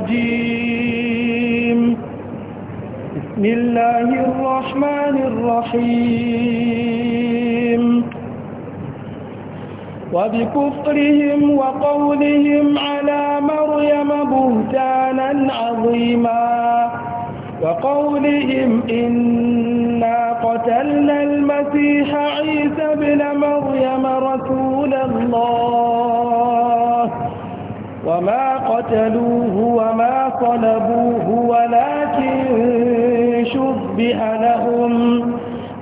الرجيم بسم الله الرحمن الرحيم وبكفرهم وقولهم على مريم بهتانا عظيما وقولهم إنا قتلنا المسيح عيسى بن مريم رسول الله وما قتلوه وما صلبوه ولكن شبه لهم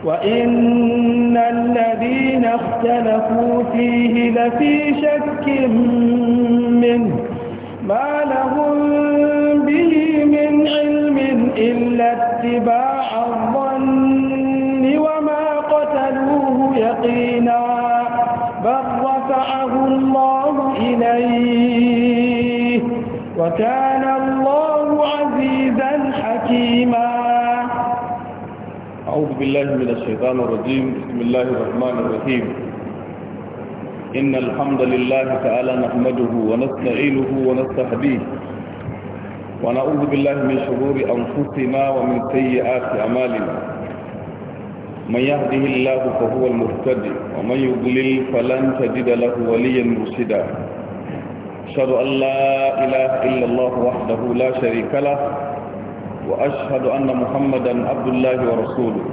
وإن الذين اختلفوا فيه لفي شك منه ما لهم به من علم إلا اتباع الظن وما قتلوه يقينا بل رفعه الله إليه وكان الله عزيزا حكيما أعوذ بالله من الشيطان الرجيم بسم الله الرحمن الرحيم إن الحمد لله تعالى نحمده ونستعينه ونستهديه ونعوذ بالله من شرور أنفسنا ومن سيئات أعمالنا من يهده الله فهو المهتدي ومن يضلل فلن تجد له وليا مرشدا أشهد أن لا إله إلا الله وحده لا شريك له وأشهد أن محمدا عبد الله ورسوله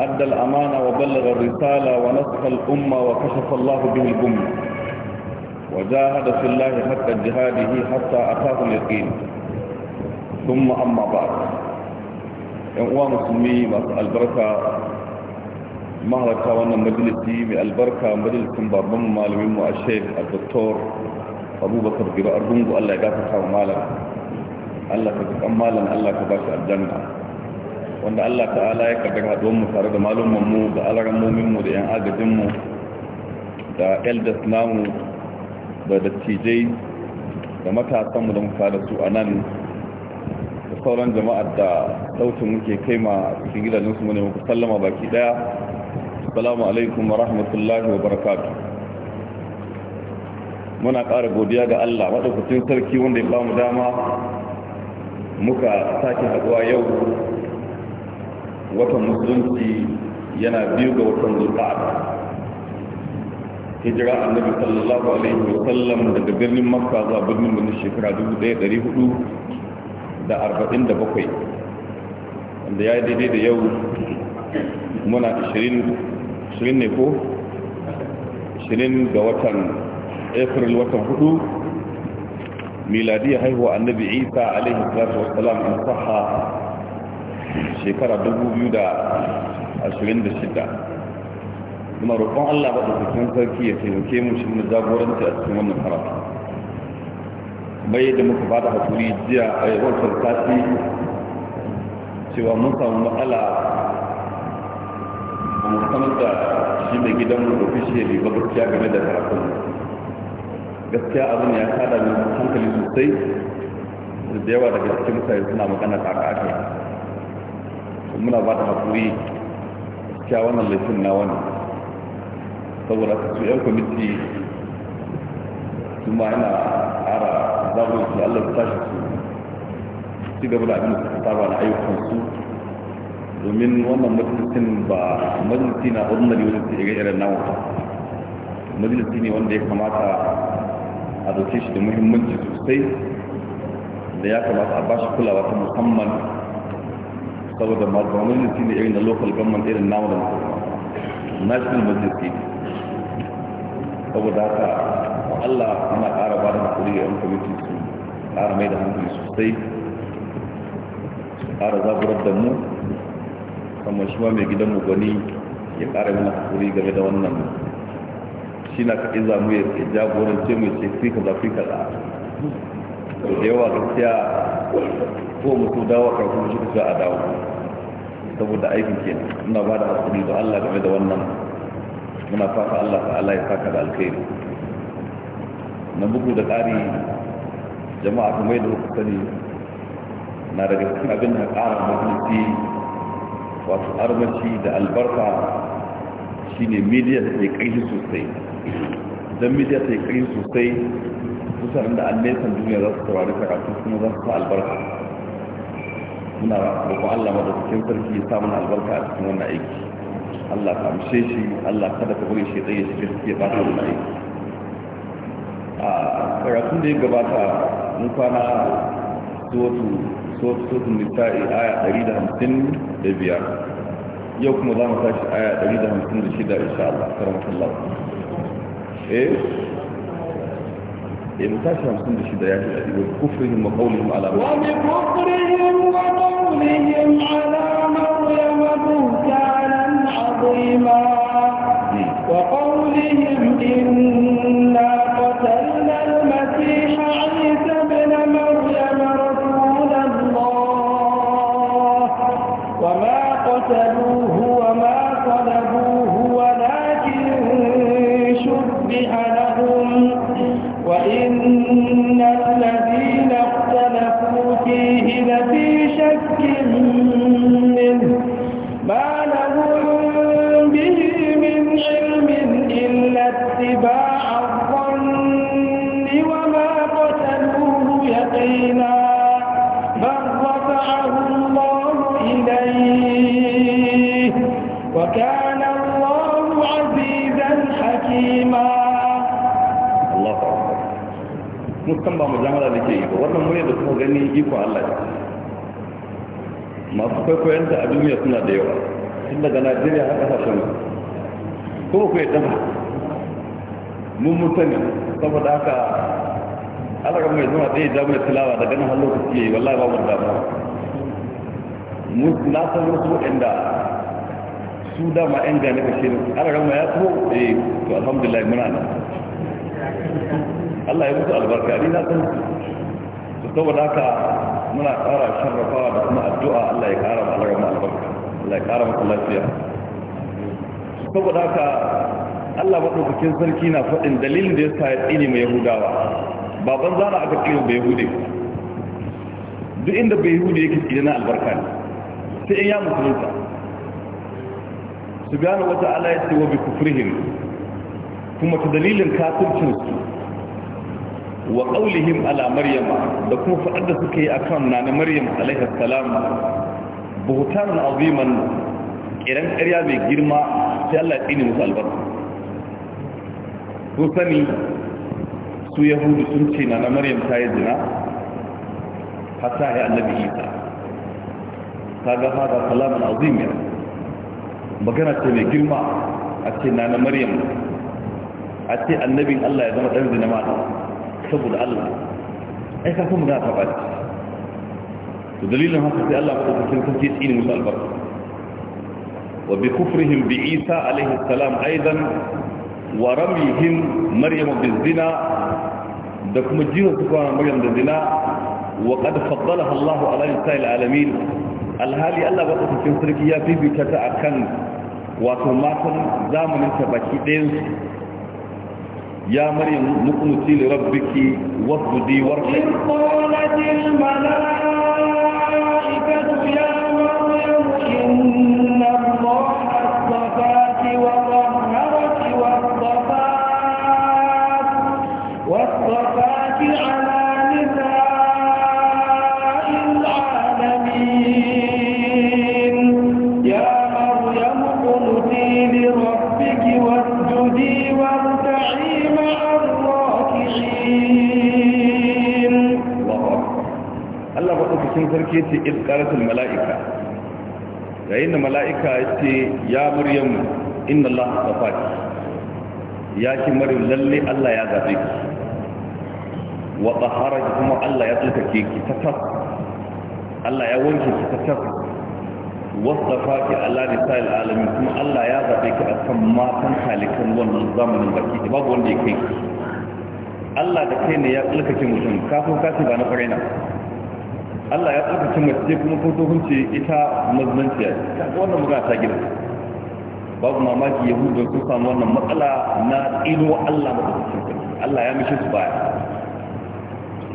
أدى الأمانة وبلغ الرسالة ونصح الأمة وكشف الله به الأمة وجاهد في الله حتى جهاده حتى أتاه اليقين ثم أما بعد إن هو مسلمي masu mahalarta wannan majalisi mai albarka majalisin babban malaminmu a sheik a doktor abubakar gira ardungu allah ya gafarta wa malam allah ka kan malam allah ka ba shi aljanna wanda allah ta'ala ya kaddara haduwan mu tare da malumman mu da alarammomin mu da yan agajin mu da eldas namu da dattijai da matasan mu da muka da su a nan da sauran jama'ar da sautin muke kai ma cikin gidajen su ne muku sallama baki daya assalamu alaikum wa rahmatullahi wa barakatu muna ƙara godiya ga Allah maɗaukacin sarki wanda ya bamu dama muka sake haɗuwa yau watan musulunci yana biyu ga watan zulfa'ada hijira annabi sallallahu alaihi wa sallam daga birnin makka zuwa birnin birnin shekara 1447 wanda ya yi daidai da yau muna 20 ashirin ne ko ashirin ga watan april watan hudu miladiyya haihuwa annabi isa alaihi salatu wassalam in saha shekara shida. kuma roƙon allah cikin sarki ya taimake mu shi na jagoranci a cikin wannan karatu bai da muka bada hakuri jiya a yawancin sati cewa mun samu matsala mu shi mai gidan mu ba gaskiya game da karatun gaskiya abin ya sada min hankali sosai da yawa daga cikin mutane suna magana aka ake muna ba da hakuri gaskiya wannan laifin na wani saboda su yan kwamiti kuma yana ƙara zaɓin su allah tashi su ci gaba da abin da suka saba na su. domin wannan majalisin ba majalisi na ordinary wajen su irin irin namu ba majalisi ne wanda ya kamata a dauke shi da muhimmanci sosai da ya kamata a bashi kulawa ta musamman saboda mazuwa majalisi ne irin da local government irin namu da mutum national majalisi saboda haka Allah ana ƙara ba da hakuri ga 'yan kwamitin su ƙara mai da hankali sosai ƙara zaburar da mu kamar shi ma mai gidan mu gani ya ƙara mana hakuri game da wannan shi na kaɗi zamu ya jagorance mu ce fi kaza fi kaza to da yawa gaskiya ko mutu dawo karfi shi ka a dawo saboda aikin kenan ina ba da hakuri ga Allah game da wannan muna fata Allah Allah ya saka da alkhairi na bugu da ƙari jama'a kuma yadda kuka sani na daga cikin abin da ƙara mutunci wato armaci da albarka shine media da ke kai sosai don media ta kai sosai kusan da an nesan duniya za su taurari karatu kuma za su ta albarka muna roƙon Allah da cikin sarki ya samun albarka a cikin wannan aiki Allah ka amshe shi Allah kada ka bari shi tsaye shi gaskiya ba ta wannan aiki a karatun da ya gabata mun kwana su wasu sotun nisa'i aya 155 yau kuma za mu tashi aya 156 insha Allah karamakallah eh eh mu tashi 56 ya ce a ɗigo kufrihim wa qawlihim ala wa bi kufrihim wa qawlihim ala maryama buhtanan azima hmm. wa qawlihim inna وإن dukkan ba mujamala ke yi ba wannan murya da kuma gani iko Allah ne masu kwaikwayon ta a duniya suna da yawa tun daga Najeriya har kasashen ko ku yi dama mun mutane saboda haka Allah mai zama da jami'ar tilawa da ganin halin kuke yi wallahi ba mu damu na san wasu waɗanda su dama 'yan gane kashe ne ana rama ya so eh to alhamdulillah muna nan Allah ya mutu albarka ni na san su saboda haka muna ƙara sharrafawa da kuma addu'a Allah ya ƙara mu albarka Allah ya ƙara mu lafiya su saboda haka Allah madaukakin sarki na faɗin dalilin da ya sa ya tsini mai Yahudawa baban zara aka tsini bai Yahudi duk inda bai Yahudi yake tsini na albarka ne sai in ya musulunta su wata ala ya ce wa bi kufrihim kuma ta dalilin kafircinsu wa ƙaulihim ala maryama da kuma faɗar da suka yi a kan na na maryam alaihassalam buhutanin aziman ƙiran ƙarya mai girma sai allah ya tsini musu albarka sun sani su yahudu sun ce na na maryam ta yi jina hatta ya annabi isa ta ga hada salamun azim magana ce mai girma a ce na na maryam a ce annabin allah ya zama ɗan zina mata saboda Allah ai ka kuma da ta ba to dalilin haka sai Allah ya ko cikin kace tsini musu albarka wa bi kufrihim bi Isa alaihi salam aidan wa ramihim maryam bizina da kuma jiwa su kuma maryam da zina wa qad faddalaha Allah ala nisa'il alamin alhali Allah ba cikin sarki ya bibita ta akan wato matan zamanin ta baki ɗayan su يا مريم نقنتي لربك وابدي وارحمي إذ قالت الملائكة يا مريم إن ce izkaratul mala'ika yayin da mala'ika ya ce ya muryamu inna Allah safa ya ki mara lalle Allah ya zaɓe ki wa tahara kuma Allah ya tsarkake ki ta tas Allah ya wanke ki ta tas wasafa ki Allah ne sa'il alamin kuma Allah ya zaɓe ki a kan matan halikan wannan zamanin baki babu wanda ya kai Allah da kai ne ya tsarkake mutum kafin kafin ba na farina Allah ya tsarkake mace kuma ko to hunce ita mazmanciya wannan magana ta gida babu mamaki yahudu sun samu wannan matsala na tsino Allah madaukakin sarki Allah ya mishi su baya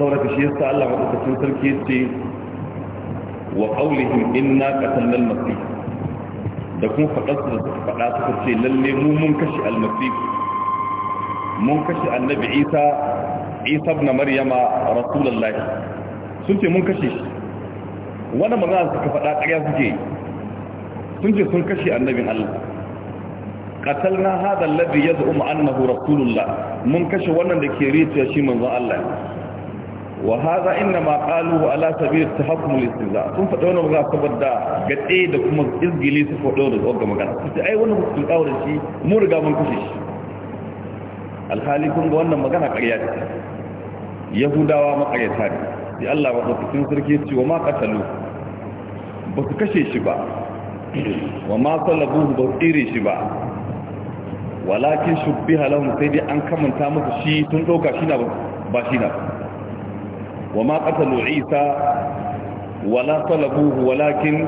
sauraka shi yasa Allah madaukakin sarki ce. wa qawlihim inna qatalna al-masih da kuma fadar su da suka fada suka ce lalle mu mun kashe al-masih mun kashe annabi Isa Isa ibn Maryama rasulullahi sun ce mun kashe shi wannan magana suka faɗa ƙarya suke sun ce sun kashe annabin Allah na qatalna hadha alladhi yad'um annahu rasulullah mun kashe wannan da ke rita shi manzon Allah wa hadha inna ma qaluhu ala sabil tahakkum al za. sun faɗa wannan magana saboda gaɗe da kuma izgili su faɗa da ga magana Su sai ai wannan sun kawo shi mun riga mun kashe shi alhali kun ga wannan magana ƙarya ce yahudawa maƙaryata ne sai Allah wa ɗaukakin sarki ce wa ma ƙasalu ba su kashe shi ba wa ma sallabu ba su tsire shi ba walakin shubbi halahun sai dai an kamanta masa shi tun ɗauka shi na ba shi na wa ma ƙasalu isa wala sallabu walakin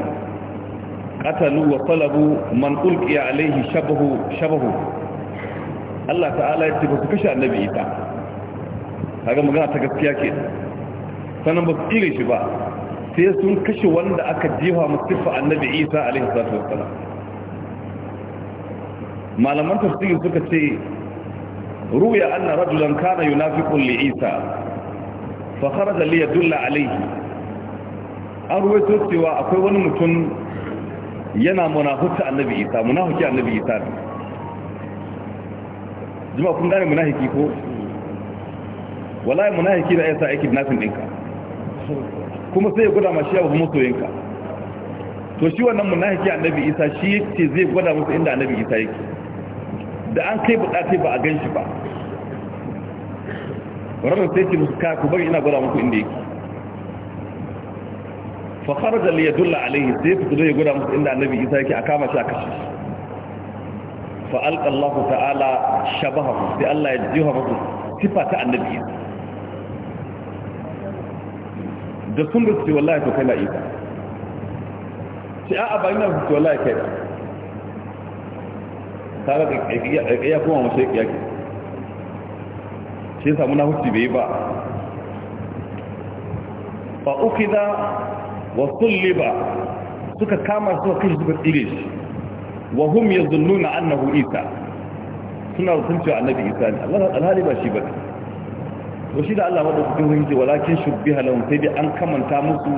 katalu wa sallabu man ƙulƙiya alaihi shabahu Allah ta'ala ya ce ba su kashe annabi isa kaga magana ta gaskiya ke sannan ba su tsire shi ba sai sun kashe wanda aka jefa musulfa annabi isa alaihi salatu wassalam malaman tafsiri suka ce ruya anna rajulan kana yunafiqun kulle isa fa kharaja li yadulla alayhi an ruwaito cewa akwai wani mutum yana munafuta annabi isa munafiki annabi isa ne, jima kun gane munahiki ko wallahi munafiki da sa aikin nafin ɗinka? kuma sai ya gwada ma shi ya babu masoyinka to shi wannan munafiki annabi isa shi yake zai gwada musu inda annabi isa yake da an kai bukatai ba a gan shi ba ranar sai ce musu ka ku bari ina gwada muku inda yake fa kharaja li yadulla alayhi sai fito ya gwada musu inda annabi isa yake a kama shi a kashe shi fa alqa Allah ta'ala shabahu sai Allah ya jiha musu sifa ta annabi isa da sun da ce wallahi to kai na isa ce a'a ba ina su ce wallahi kai da tare da ƙaiƙiya kuma mashi ƙiya ke shi samu hutu bai ba ba uku da wasu liba suka kama suka kashi suka tsire shi wa hum ya zunnu annahu isa suna rutun cewa annabi isa ne alhali ba shi ba ne to shi da Allah wadda kuke hunji walakin shubbiha lahum sai dai an kamanta musu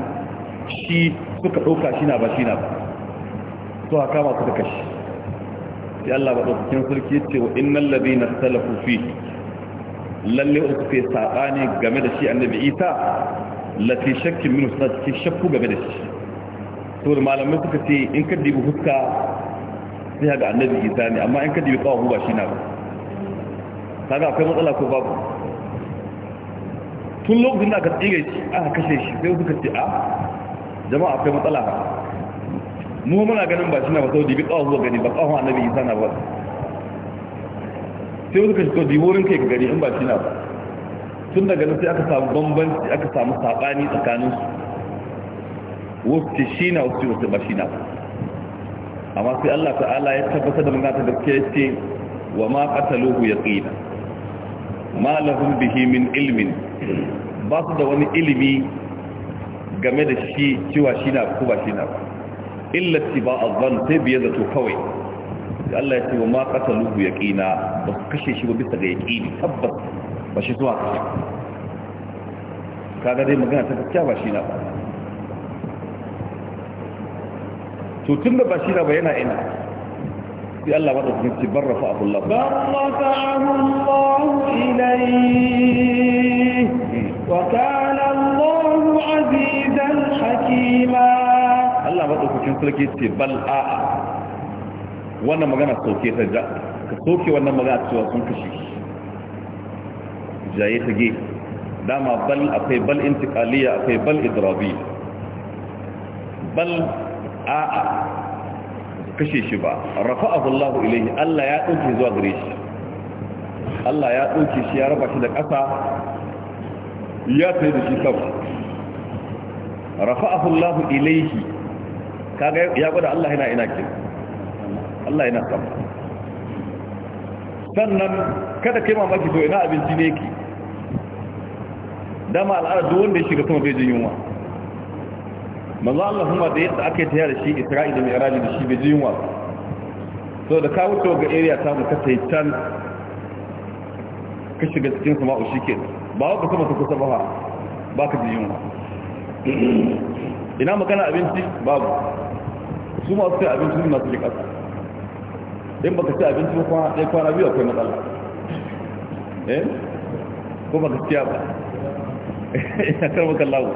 shi suka ɗauka shi na ba shi na ba su haka masu suka kashi sai Allah ba daukakin sulki yace wa innal na salafu fi lalle uku sai ne game da shi annabi Isa lati shakki min cikin shakku game da shi to malamai suka ce in ka dibi huska sai ga annabi Isa ne amma in ka dibi kawo ba shi na ba kaga akwai matsala ko babu tun lokacin da aka tsire shi aka kashe shi sai suka ce a ah, jama'a akwai matsala ba mu muna ganin ba shi na ba sau dibi tsawon zuwa gani ba tsawon annabi isa na ba sai suka shi kodi wurin kai ka gani in ba shi na ba tun daga nan sai aka samu bambanci aka samu saɓani tsakanin su wasu shi na wasu wasu ba shi na ba amma sai Allah ta'ala ya tabbatar da magana ta gaskiya ce wa ma ya yaqina ma lahum bihi min ilmin ba su da wani ilimi game da shi cewa shi na ko ba shi na illati ba azan sai biye to kawai da Allah ya ce wa ma ya yaqina ba su kashe shi ba bisa ga yaqini tabbas ba shi zuwa kashe kaga dai magana ta gaskiya ba shi na ba to tun da ba shi na ba yana ina sai Allah ba da cikin bar Allah bar rafa'ahu Allah ilayhi wa kana Allah azizan hakima Allah ba da sarki ce bal a wannan magana sauke ta ja ka sauke wannan magana cewa sun jaye ta ge dama bal akwai bal akwai bal idrabi bal kashe shi ba Rafa Allah ilayhi Allah ya dauke zuwa gare shi Allah ya dauke shi ya raba shi da ƙasa ya tsaye da shi sama rafa'ahu Allah ilayhi kaga ya gwada Allah yana ina kin Allah yana sama sannan kada kai mamaki to ina abinci ne ki dama al'ada duk wanda ya shiga sama bai jin yunwa manzo Allah kuma da yadda aka yi da shi Isra'ila da Mi'raj da shi bai ji yunwa so da ka wuce ga area ta mu ka tai can ka shiga cikin kuma o shike ba ka kuma ka kusa ba ba ka ji yunwa ina magana abinci babu su masu sai abinci ne masu jikas in baka ci abinci ko kwana kwana biyu akwai matsala eh ko ka ciya ba ya karɓar kallawa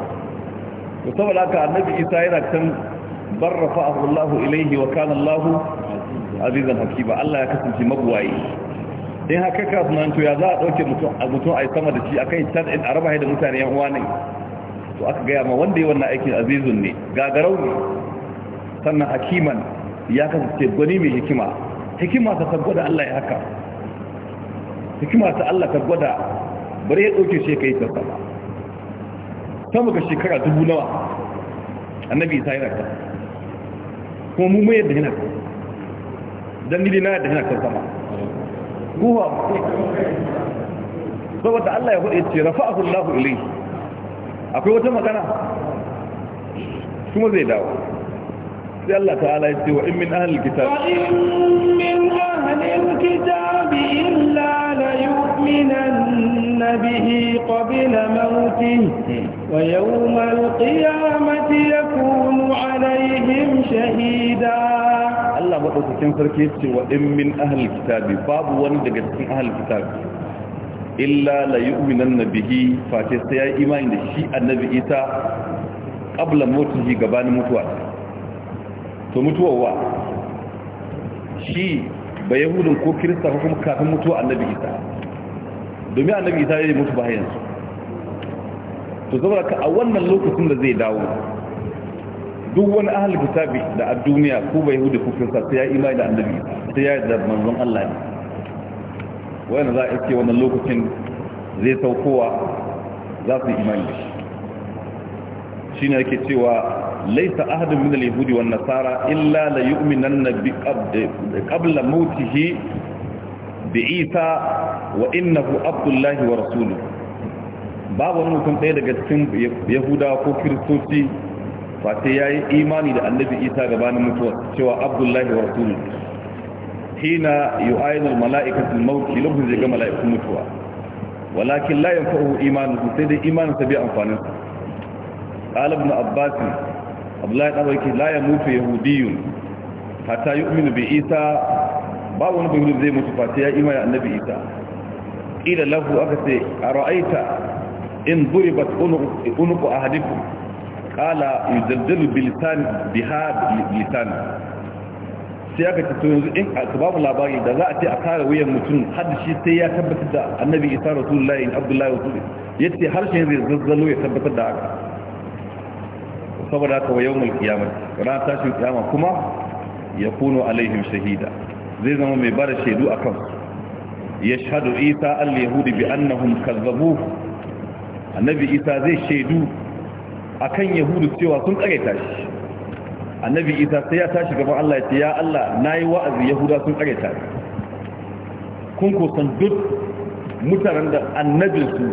da saboda haka annabi isa yana can barrafa ahullahu ilaihi wa kana allah azizan hakima allah ya kasance magwaye in haka kasuwan to ya za a ɗauke mutum a yi sama da shi a kai can in a raba da mutane yan uwa ne to aka gaya ma wanda yi wannan aikin azizun ne gagarau ne sannan hakiman ya kasance gwani mai hikima hikima ta tabbata allah ya haka hikima ta allah gwada, bari ya ɗauke shi ya kai ta sama sama ga shekara dubu nawa annabi isa yana kan kuma mu mai yadda yana kan don nili na yadda yana kan sama guwa saboda Allah ya hudu ce rafa'ahu Allah ilai akwai wata magana kuma zai dawo sai Allah ta'ala ya ce wa in min ahlil kitab wa in min ahlil kitab illa ليؤمنن به قبل موته ويوم القيامة يكون عليهم شهيدا الله مدوكين سركي يتي وإن من أهل الكتاب باب وان daga cikin أهل الكتاب إلا ليؤمنن به فاتي سيا إيمان da shi annabi Isa قبل موته gabanin mutuwa to mutuwa shi ba yahudun ko kirista ko kuma kafin mutuwa annabi isa domin annabi isa ya mutu bayan su to zama ka a wannan lokacin da zai dawo duk wani ahal kitabi da a duniya ko ba yahudi ko kirista sai ya imani da annabi sai ya da manzon Allah ne wanda za a iske wannan lokacin zai saukowa za su yi imani da shi shine yake cewa laisa ahadun min al-yahudi wan nasara illa la yu'minanna bi qabla mautihi bi isa wa innahu abdullahi wa rasuluhu babu wani mutum ɗaya daga cikin yahudawa ko kiristoci fata ya yi imani da annabi isa gabanin mutuwa cewa abdullahi wa rasulu hina yu'ayin mala'ikatul mauti lokacin zai ga mala'ikun mutuwa walakin la yanfa'u imanuhu sai dai imanin sa bi amfanin sa qala ibn abdullahi dan wake la ya mutu yahudiyun yi umini bai isa ba wani bai zai mutu fa sai ya a annabi isa ƙila lahu aka ce a ra'aita in hadifu ƙala yi zaddalu bilitan bi ha biha sai aka ce to yanzu in ka babu labari da za a ce a kare wuyan mutum har shi sai ya tabbatar da annabi isa rasulullahi abdullahi rasulullahi yace harshen zai zazzalo ya tabbatar da haka saboda haka wa yawmul qiyamah ran tashin kiyama kuma ya yakunu alaihim shahida zai zama mai bada shaidu a kan Ya yashhadu isa al-yahudi bi annahum kazzabu annabi isa zai shaidu akan yahudu cewa sun kareta shi annabi isa sai ya tashi gaban Allah ya ce ya Allah nayi wa'azi yahuda sun kareta shi kun ko san duk mutanen da annabinsu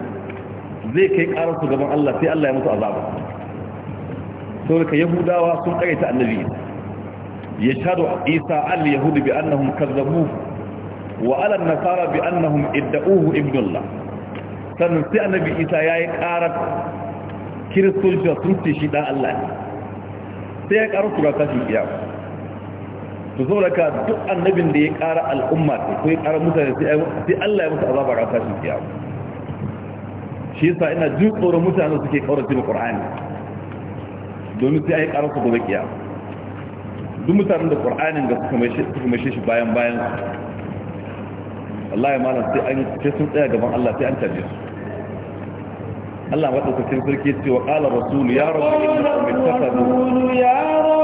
zai kai karar su gaban Allah sai Allah ya musu azaba كذلك يهودا وسن قيت النبي يشهد عيسى على اليهود بأنهم كذبوه وعلى النصارى بأنهم ادعوه ابن الله سننسي النبي عيسى يا يقارب كرسول جسرت شداء الله سيقارب سورة شيئا كذلك دعا النبي اللي يقار الأمة ويقار موسى سيئا سي الله يموت أضابع عيسى شيئا شيئا إن جوء قور موسى أنه سيكي قورة في القرآن domin sai a yi ƙararsa gobe kiya duk mutanen da ƙwar'anin ga suka mashe shi bayan bayan Allah ya malam sai an ce sun tsaya gaban Allah sai an tabe su Allah maɗaukacin sarki ce wa ƙala rasulu ya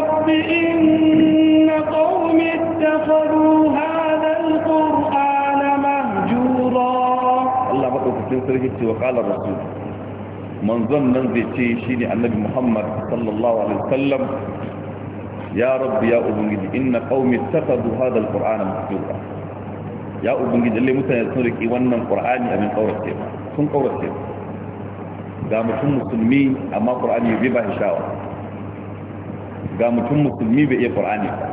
rabbi inna ƙaumin tafaru hadal ƙur'ana mahjura Allah maɗaukacin sarki ce wa ƙala rasulu manzon nan zai ce shi ne annabi muhammad sallallahu alaihi wasallam ya rabbi ya ubangiji inna qaumi takadu hadha alqur'ana masjura ya ubangiji lalle mutane sun riki wannan qur'ani abin kaurace sun kaurace ga mutum musulmi amma qur'ani bai ba shawa ga mutum musulmi bai iya qur'ani ba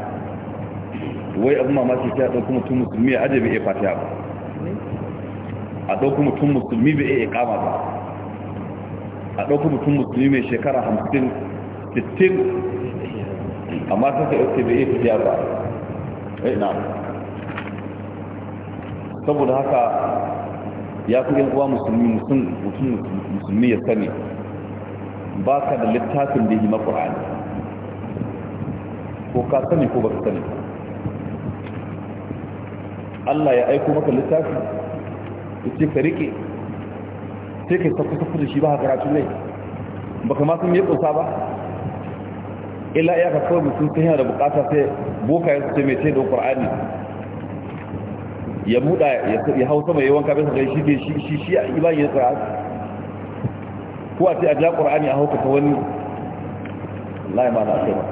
wai abin shi ta dauko mutum musulmi a ajabi iya fatiha ba a dauko mutum musulmi bai iya iqama ba a ɗauka mutum musulmi mai shekara hamsin sittin amma ta ka yake bai fi ba ina eh, saboda haka ya fi yan uwa musulmi mutum musulmi ya sani ba ka da littafin da yi makur'ani ko ka sani ko ba ka sani Allah ya aiko maka littafi ya ce ka rike sai kai tafi tafi da shi ba karatu ne ba kama sun yi kusa ba illa ka kawai mutum sun yana da bukata sai boka ya ce mai da ƙwar'ani ya muda ya hau sama ya wanka bai sakai shi shi shi shi a ibanin ya tsara ko a ce a ja ƙwar'ani a hauka ta wani lai ma na ce ba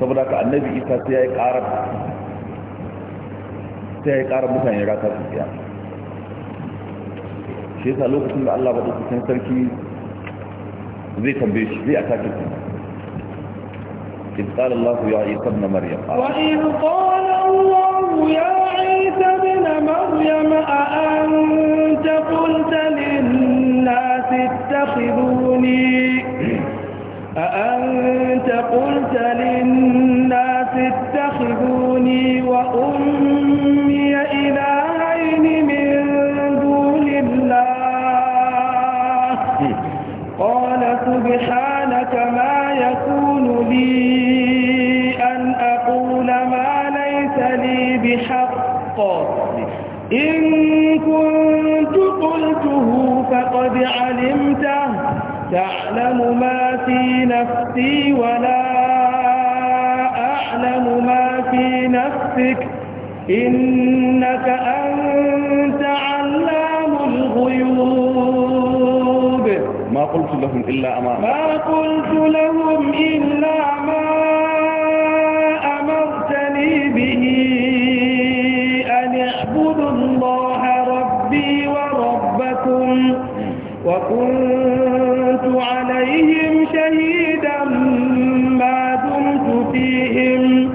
saboda ka annabi isa sai ya yi ƙarar sai ya yi ƙarar mutane rata su tsaya shi yasa lokacin da Allah ba dukkan sarki zai tambaye shi zai atake shi إذ قال الله يا عيسى ابن مريم وإذ قال الله يا عيسى ابن مريم أأنت قلت للناس اتخذوني أأنت قلت للناس اتخذوني وأمي إن كنت قلته فقد علمته تعلم ما في نفسي ولا أعلم ما في نفسك إنك أنت علام الغيوب ما قلت لهم إلا أمام ما قلت لهم إلا ما أمرتني به وكنت عليهم شهيدا ما دمت فيهم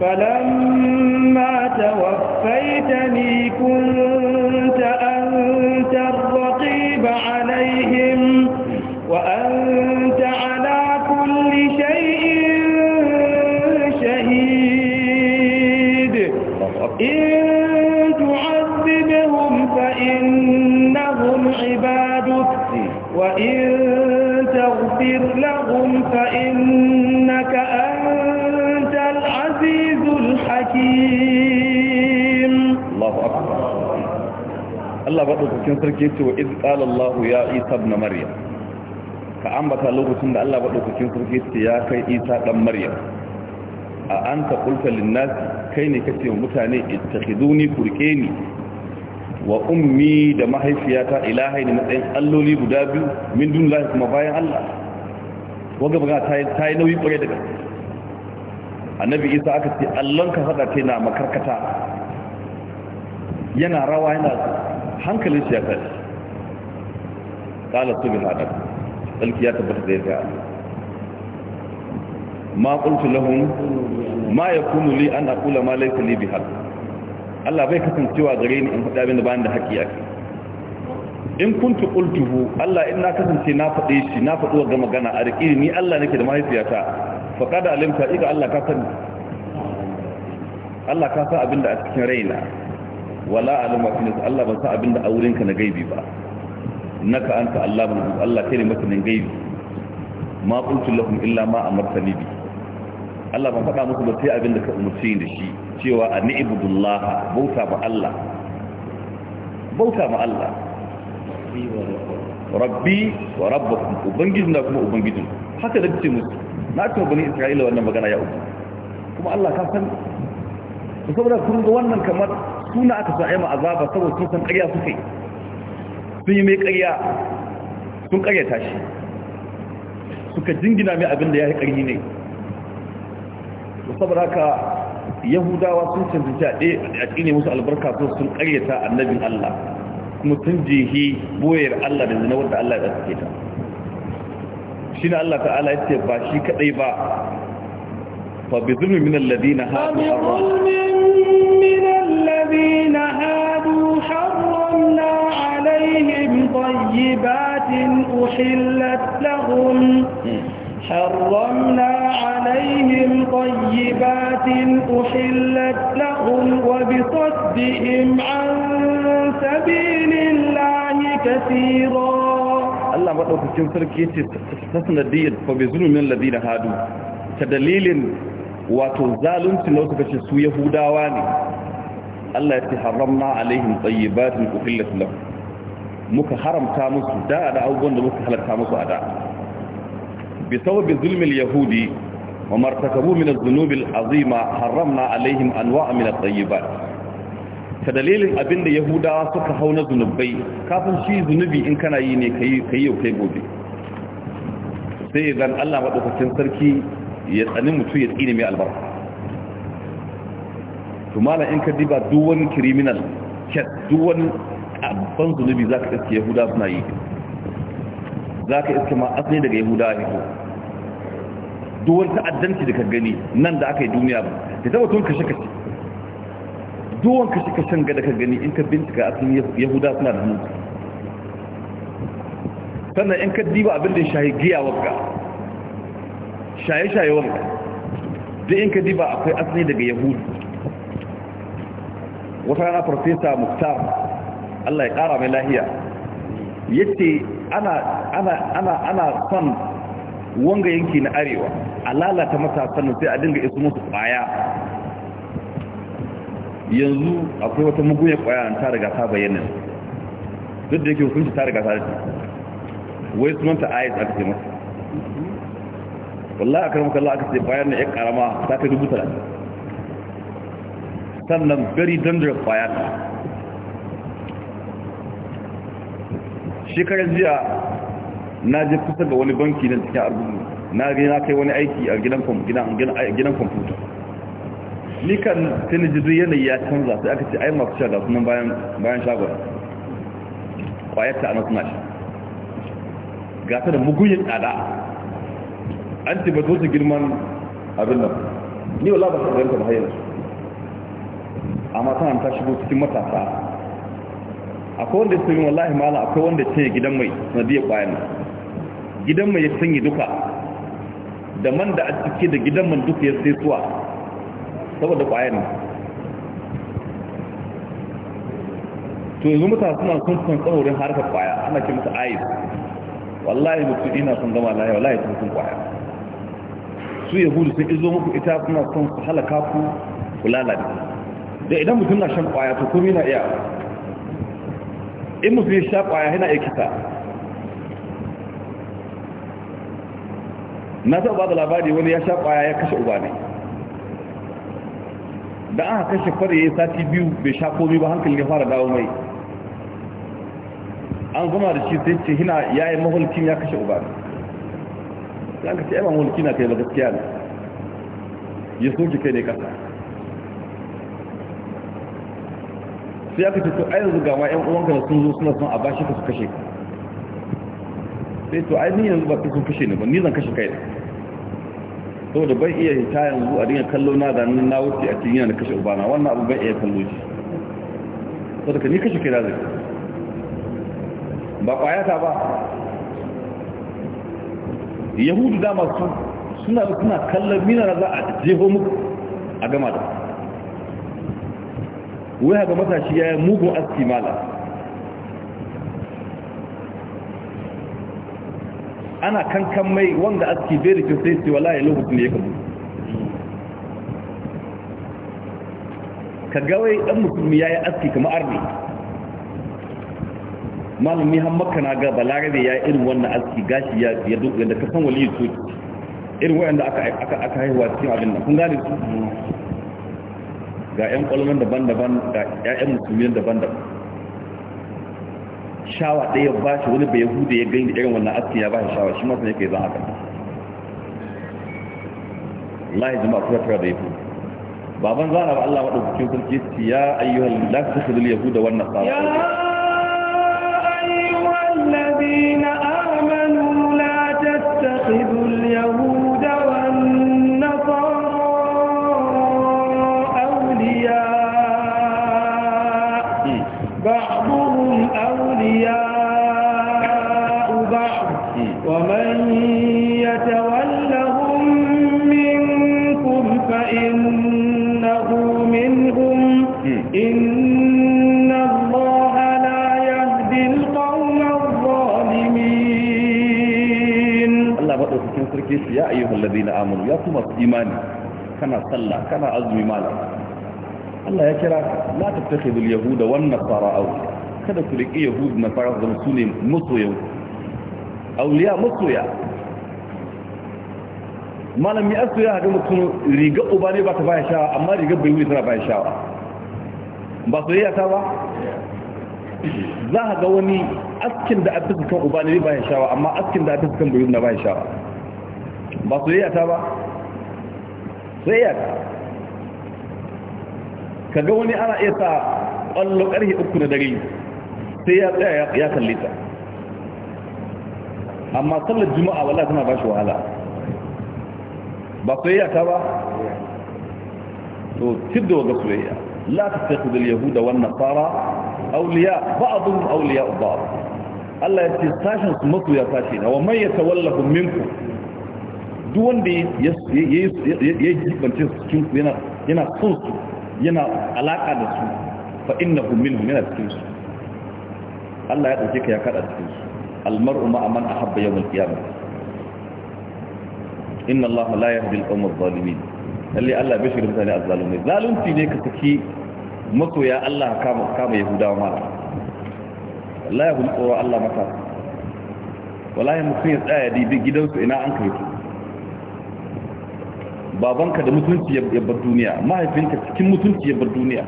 فلما توفيتني كنت لهم فإنك أنت العزيز الحكيم الله أكبر Allah ba ɗaukakin sarki ce wa iz ƙala ya isa na Maryam ka ambata lokacin da Allah ba ɗaukakin sarki ce ya kai isa ɗan Maryam a an ta ƙulta linnasi kai ne wa mutane ittakhiduni ni wa ummi da mahaifiyata ilahai ne matsayin alloli guda biyu min dun kuma bayan Allah wanga magana ta yi nauyi kwarai daga annabi isa aka ce allonka ta ce na makarkata yana rawa yana hankalin shi ya tashi kala su bin adam tsalki ya tabbata da ya ga ma kuntu ma ma kunu li an akula ma laifin libi bihaq Allah bai kasancewa gare ni in faɗa bin da bani da haƙi a kai in kuntu qultuhu Allah in na kasance na faɗe shi na faɗo ga magana a riƙi ni Allah nake da mahaifiyata Faƙa da alimta iga Allah ka sani Allah ka sa abinda a cikin raina wala alima fi Allah ba sa abinda a wurinka na gaibi ba naka anta Allah mun Allah kai ne masanin gaibi ma qultu lahum illa ma amartani bi Allah ban faɗa musu ba sai abinda ka umurce ni da shi cewa an ibudullah bauta ma Allah bauta ma Allah rabbi wa rabbakum ubangijin da kuma ubangijin haka da kace musu na kuma bani isra'ila wannan magana ya uku kuma Allah ka san saboda kun ga wannan kamar suna aka sa ayyama azaba saboda sun san ƙarya suke sun yi mai ƙarya sun ƙarya tashi suka jingina mai abin da ya yi ƙarni ne saboda haka yahudawa sun cancanci a ɗaya a ƙine musu albarka sun ƙaryata annabin Allah kuma sun boyar Allah da zinawar da Allah ya suke ta shi ne Allah ta'ala ya ba shi kadai ba fa bi zulmi min alladhina hadu min alladhina hadu harramna alaihim tayyibatin uhillat lahum حرمنا عليهم طيبات أحلت لهم وبصدهم عن سبيل الله كثيرا الله مدوكين سركي yace ta sanadiyar fa bi zulmin ladina hadu ta dalilin wato zalunci na suka ce su yahudawa ne Allah ya ce haramna alaihim tayyibatin uhillat lahum muka haramta musu da da abubuwan da muka halarta musu a da bi sababi zulmil yahudi wa martakabu min adh-dhunubi al-azima haramna alaihim anwa'a min at-tayyibat ta dalilin abin da yahudawa suka hau na zunubai kafin shi zunubi in kana yi ne ka yi yau kai gobe sai zan allah maɗaukacin sarki ya tsani mutu ya tsini mai albarka tumana in ka diba duwan kiriminal kyat cat duk zunubi za ka iske yahuda suna yi za ka iske ma asini daga yahuda ya hito ta'addanci da ka gani nan da aka yi duniya ba ta taba tun kashe-kashe duwan ka suka shan gada ka gani in ka bincika a cikin yahuda suna da hannu sannan in ka diba abin da ya shahi giya wanka shaye-shaye wanka duk in ka diba akwai asali daga yahudu wata rana farfesa muktar allah ya kara mai lahiya ya ce ana son wanga yanki na arewa a lalata matasan sai a dinga isu musu kwaya yanzu akwai wata mugunya kwaya ta riga ta bayyana duk da yake hukunci ta riga ta riga wai sunanta ayat aka ce masa wallahi akar maka Allah aka ce bayan na yan karama ta kai dubu talatin sannan very dangerous ta. shekarar jiya na je kusa ga wani banki na cikin arzikin na gina kai wani aiki a gidan kwamfuta ni kan tilijidu yanayi ya canza sai aka ce ai masu shaga nan bayan shagon kwayar ta ana suna shi gasa da muguyin tsada an ce ba zoce girman abin nan ni wala ba su ta ba hayar amma tana ta shigo cikin matasa akwai wanda ya sanyi wallahi mala akwai wanda ya canye gidan mai sanadiyar kwayan nan gidan mai ya canye duka da man da a cike da gidan man duka ya sai suwa saboda ƙwayar nan to yanzu mutane suna sun san tsaurin harkar ƙwaya ana ce musu ayis wallahi mutum ina sun gama lahiya wallahi sun sun ƙwaya su yahudu sun izo muku ita suna son su halaka ku ku lalace da idan mutum na shan ƙwaya to kuma yana iya in mutum ya sha ƙwaya yana iya kisa na taɓa da labari wani ya sha ƙwaya ya kashe uba ne da aka kashe kware ya yi sati biyu bai sha komi ba hankali ya fara dawo mai an zama da shi sai ce hina ya yi mahulkin ya kashe uba ya ka ce ya mahulkin na kai ba gaskiya ne ya soke kai ne kasa sai ya kace to ai yanzu gama yan ƴan uwanka da sun zo suna son a bashi ka su kashe ka sai to ai ni yanzu ba sun kashe ni ba ni zan kashe kai ne to da bai iya hita yanzu a dinga kallo na da nan na wuce a cikin yana kashe ubana wannan abu bai iya kallo shi to daga ni kashe da zai ba kwaya ta ba yahudu da su suna kuna kallon mina za a jeho muku a gama da wai haka matashi ya yi mugun aski mala ana kankan mai wanda aski bai da kyau sai ce wala ya lokacin ne ya kabu ka gawai dan musulmi ya yi aski kama arni malumi har makka na ga balarabe ya yi irin wannan aski gashi ya ya duk da ka san waliyu to irin wanda aka aka aka haihuwa cikin abin nan kun gane ga ƴan kwalman daban-daban ga ƴaƴan musulmi daban-daban shawa ɗaya ba shi wani bai hudu ya gani irin wannan aski ya ba shi shawa shi masu ne ka yi zan haka Allah ya jima kuma tara da yahudu baban zana ba Allah maɗaukakin sarki ya ayyuhal la tukhidul yahuda wannan nasara masu imani kana sallah kana azumi malam Allah ya kira la tattakhidul yahuda wan nasara awliya kada ku riki yahudu na fara zama su ne masoyan awliya masoya malam ya aso ya haɗu mutum riga uba ne ba ta baya shawa amma riga bai wuri tana baya shawa ba soyayya ta ba za a ga wani askin da abin kan uba ne baya shawa amma askin da abin kan bai wuri na baya shawa ba soyayya ta ba sai ya ka ga wani ana iya sa ƙwallo ƙarfe uku na dare sai ya tsaya ya kalle ta amma sallar juma'a wala tana ba shi wahala ba soyayya ta ba to tidda wa ga soyayya la ta sai kudin yahuda wannan fara auliya ba a zuwa auliya ba Allah ya ce sashen su masu ya sashi na wa mai ya tawallafin minku duk wanda ya yi jibance su yana son su yana alaka da su fa inna minhum yana cikin su Allah ya dauke ka ya kada cikin su almar'u ma man ahabba yawm al-qiyamah inna Allah la yahdi al-qawm adh-dhalimin lalle Allah bai shiga mutane azzalumai zalunci ne ka saki masoya Allah kama kama yahudawa ma wallahi hun tsoro Allah maka wallahi mutum ya tsaya dibi gidansu ina an kai su babanka da mutunci ya bar duniya mahaifinka cikin mutunci ya bar duniya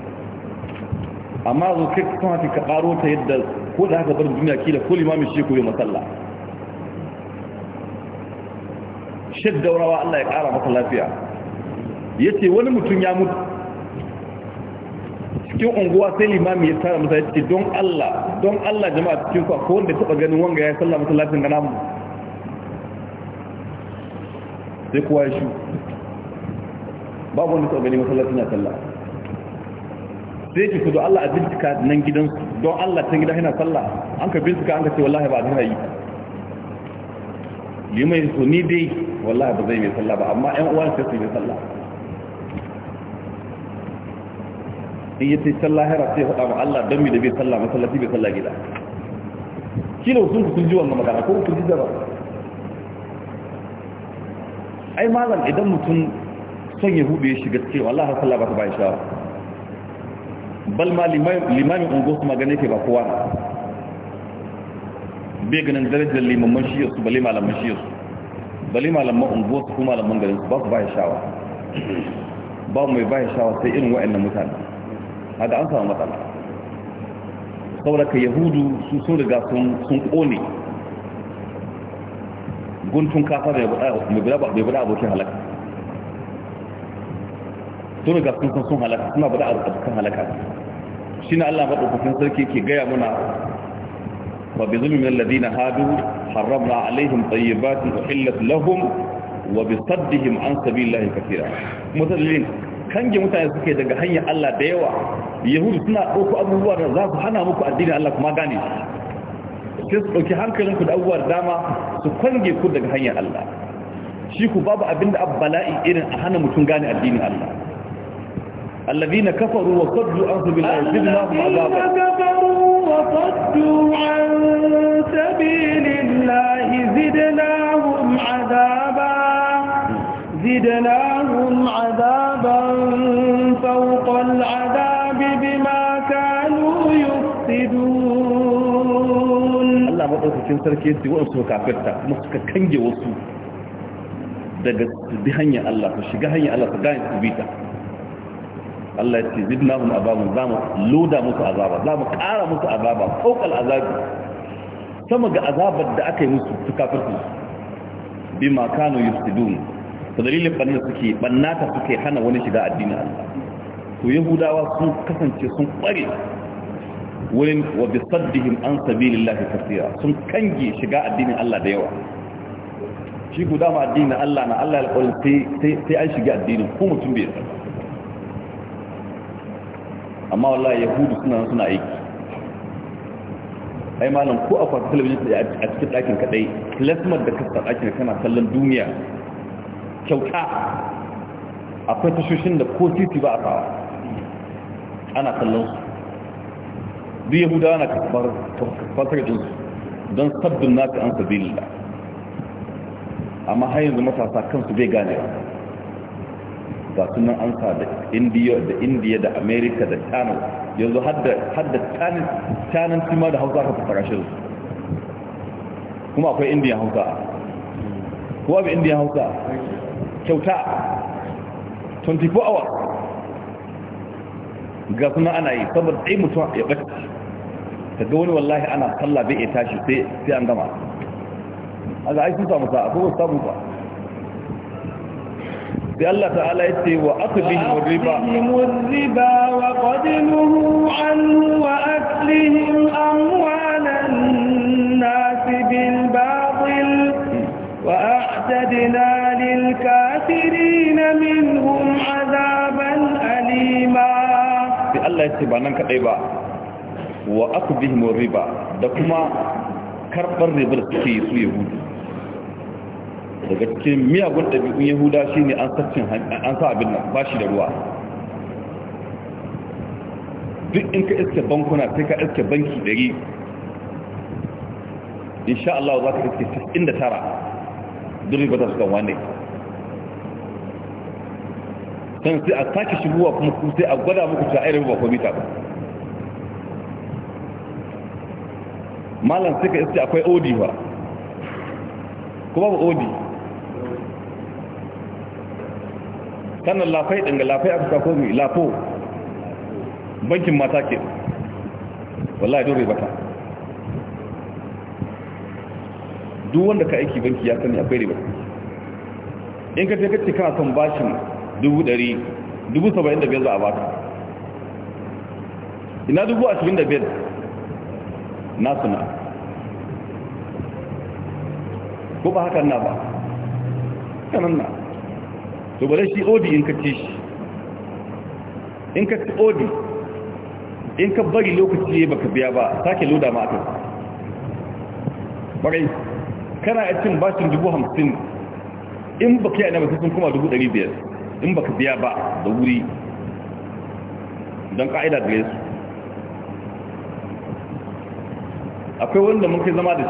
amma zo kai kuma ka karo ta yadda ko da haka bar duniya kila ko limamin shi ko ya masalla shek daurawa Allah ya kara masa lafiya yace wani mutum ya mutu cikin unguwa sai limami ya tara masa yace don Allah don Allah jama'a cikin ku ko wanda taba ganin wanga ya sallama lafiya ga namu sai kuwa ya shu babu wani tsogani masallaci na sallah sai ki kudu Allah a bincika nan gidansu don Allah ta gida yana sallah an ka bincika an ka ce wallahi ba a zai yi limai su ni dai wallahi ba zai mai sallah ba amma yan uwan sai su mai sallah in yi tai sallah hera sai faɗa ma Allah don mi da bai sallah masallaci bai sallah gida kila sun kun ji wannan magana ko kun ji da ba ai malam idan mutum can yahudu ya shiga cewa Allah har sallah ba ta bayan shawara bal ma limamin ungo su magana ke ba kowa bai ganin darajar limamman shiyar su bali malaman shiyar su Bali malaman ungo su kuma malaman garin su ba su bayan shawara ba mai bayan shawara sai irin wa'annan mutane da an samu matsala saboda ka yahudu su sun riga sun kone guntun kafa mai bada abokin halaka sun ga sun san sun halaka suna bada abokan halaka shi na Allah maɗaukakin sarki ke gaya muna wa bi zulmin alladhina hadu harabna alaihim tayyibatin uhillat lahum wa bi saddihim an sabilillahi kathira kuma dalilin kange mutane suke daga hanyar Allah da yawa yahudu suna ɗauko abubuwa da za su hana muku addinin Allah kuma gane sai su ɗauki hankalinku da abubuwa da dama su kange ku daga hanyar Allah shi ku babu abinda abbala'i irin a hana mutum gane addinin Allah الذين كفروا وصدوا عن سبيل الله زدناهم عذابا زدناهم عذابا فوق العذاب بما كانوا يفسدون الله بطلت في سركي انت وانسوا كافرتا مسكا كنجي وصو دغ دي هانيا الله فشي غانيا الله فغانيا سبيتا Allah ya ce zidnahum azaban za mu loda musu azaba za mu kara musu azaba fawqal azabi sama ga azabar da aka yi musu su kafirci bima kanu yufsidun to dalilin banna suke bannata suke hana wani shiga addinin Allah to yahudawa sun kasance sun kware wurin wa bi saddihim an sabilillahi kaseera sun kange shiga addinin Allah da yawa shi guda ma addinin Allah na Allah ya alƙawarin sai an shiga addinin ko mutum bai tsaka amma wallahi yahudu suna suna aiki ai malam ko a kwata talabijin a cikin ɗakin kaɗai plasmar da kasta ɗakin kana kallon duniya kyauta akwai tashoshin da ko titi ba a fawa ana kallon su duk na na kafar su don sabbin naka an sabili amma har yanzu matasa kansu bai gane ba ga sunan an da indiya da indiya da america da china yanzu hadda canin cima da hausa ka fara shirin kuma akwai indiya hausa kuma bi indiya hausa kyauta 24 hours ga sunan ana yi saboda ɗai mutum ya ɓace ta ga wani wallahi ana sallah ya tashi sai an gama a ga aikin samu sa akwai wasu samun sa'a sai Allah ta'ala ya ce wa aklihim riba wa qadimuhu an wa aklihim amwalan nas bil batil wa a'tadna lil kafirin minhum alima sai Allah ya ce ba nan kadai ba wa aklihim riba da kuma karbar ribar suke su daga cikin miyagun ɗabi'un yahuda shi ne an sa abin nan ba shi da ruwa duk in ka iske bankuna sai ka iske banki ɗari insha Allah za ka iske 99 duk ribatar su kan wane sannan sai a sake shigowa kuma sai a gwada muku ta airin ba kwamita ba malam sai ka iske akwai odi ba kuma ba odi kanan lafai ɗin ga lafai aka sako mai lafo bankin mata ke wallahi don bata? duk wanda ka aiki banki ya sani akwai riba. in ka teka ce kana son bashin dubu ɗari dubu saba'in da biyar za a baka ina dubu ashirin da biyar nasu na ko ba hakan na ba kanan na to bare shi odi in ka ci shi in ka ci odi in ka bari lokaci baka biya ba sake loda ma aka bari kana a cin bashin dubu hamsin in baka yi nama sun kuma dubu ɗari biyar in baka biya ba da wuri don ka'ida da yasu. akwai wanda mun kai zama da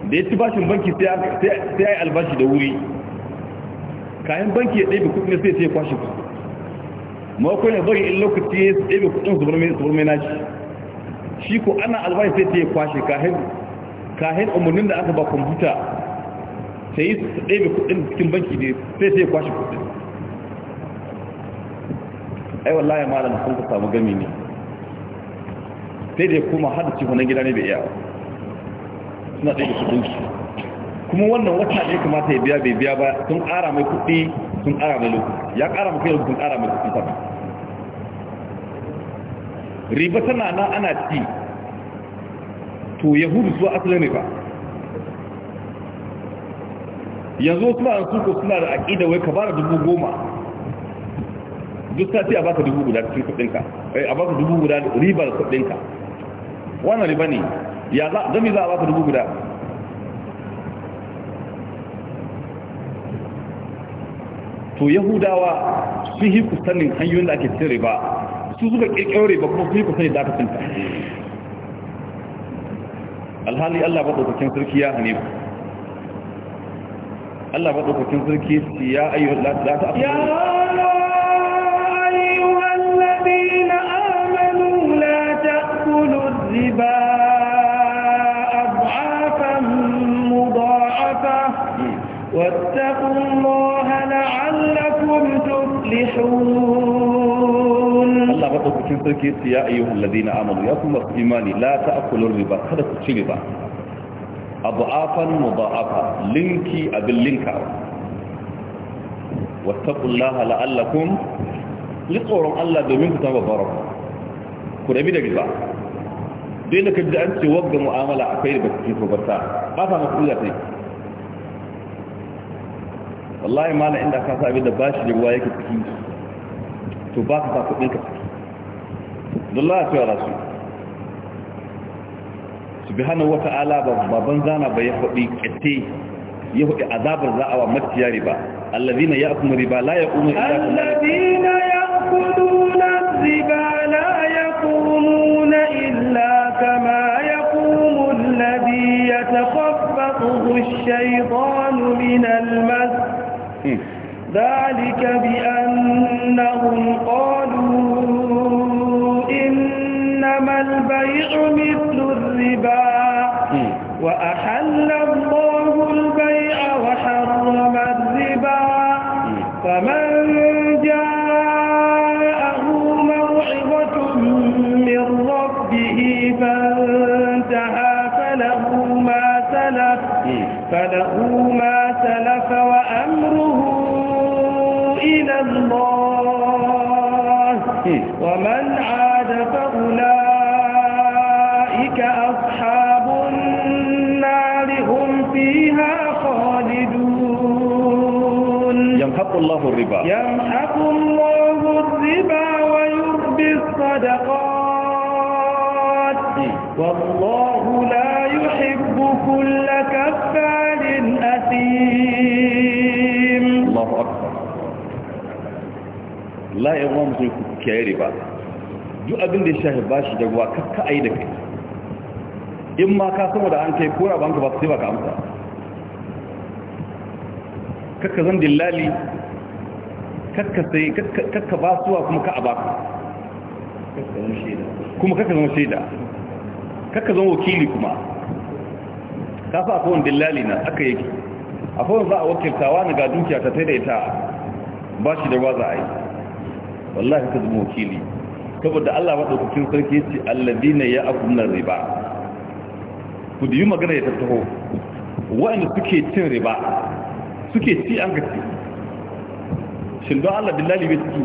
shi da ya ci bashin banki sai ya yi albashi da wuri kayan banki ya ɗaibe kudin sai sai kwashe ku mako ne bari in lokaci ya ɗaibe kuɗin zubar mai zubar mai naci shi ko ana albashi sai sai kwashe kahin kahin umarnin da aka ba kwamfuta sai yi su ɗaibe kuɗin cikin banki ne sai sai kwashe kudin ai wallahi malam sun ka samu gami ne sai da ya koma hada cikin gida ne bai iya suna ɗaibe kudin su kuma wannan wata ne kamata ya biya bai biya ba sun ƙara mai kuɗi sun ƙara mai lokaci ya ƙara mai kuɗi sun ƙara mai kuɗi sama riba tana nan ana ci to yahudu su ne ba. yanzu wasu ma'an suko suna da aƙida wai ka ba da dubu goma duk ta ce a baka dubu guda cikin kuɗinka eh, a baka dubu guda ribar kuɗinka wannan riba ne ya za a baka dubu guda to yahudawa sun yi ku sanin hanyoyin da ake cin riba su suka kirkiro riba kuma sun yi ku sani da aka cinta alhali Allah ba dokokin sarki ya hane ku Allah ba dokokin sarki ya ayyuhal ladina ya ayyuhal ladina amanu la ta'kulu riba واتقوا الله لعلكم تفلحون الله مدوكين سركي يا ايها الذين امنوا يا كما ايماني لا تاكلوا الربا kada ku ci riba abu'afan mudha'afa linki abin linka واتقوا الله لعلكم لقرون الله دومين ku taba baro ku rabi da riba dai da kaji an ce wagga mu'amala da ko ba wallahi mala inda ka sa abin da bashi da ruwa yake ciki to ba ka sa kuɗin ka ciki don la ta yara su subhanahu wa ta'ala babban zana bai ya faɗi ƙete ya faɗi azabar za'awa matiya riba allazina kuma riba la ya illa kama allazina ya'kuluna riba la yaqumuna illa kama yaqumu alladhi yatakhaffatu ash-shaytanu min al-mas ذلك بأنهم قالوا إنما البيع مثل الربا وأحل الله البيع وحرم الربا فمن جاءه موعظة من ربه فانتهى فله ما سلف فله ومن عاد فأولئك أصحاب النار هم فيها خالدون يمحق الله الربا يمحق الله الربا ويربي الصدقات والله لا يحب كل كفار أثيم الله أكبر لا يغمزكم kiyaye riba duk abin da ya shafi shi da ruwa kakka yi da kai in ma ka samu da an kai kora banka ba sai ba ka amsa kakka zan dillali kakka sai kakka basuwa kuma ka abaka kuma kakka zama shaida kakka zama wakili kuma ka fa akwai wani dillali na aka yake akwai wani za a wakiltawa na ga dukiya ta sai da ita ba shi da ruwa za a yi wallahi ka zama wakili saboda Allah maɗaukakin sarki ya ce alladina ya akunan riba ku da yi magana ya tattaho wa'anda suke cin riba suke ci an gaci shin don Allah billahi bai ciki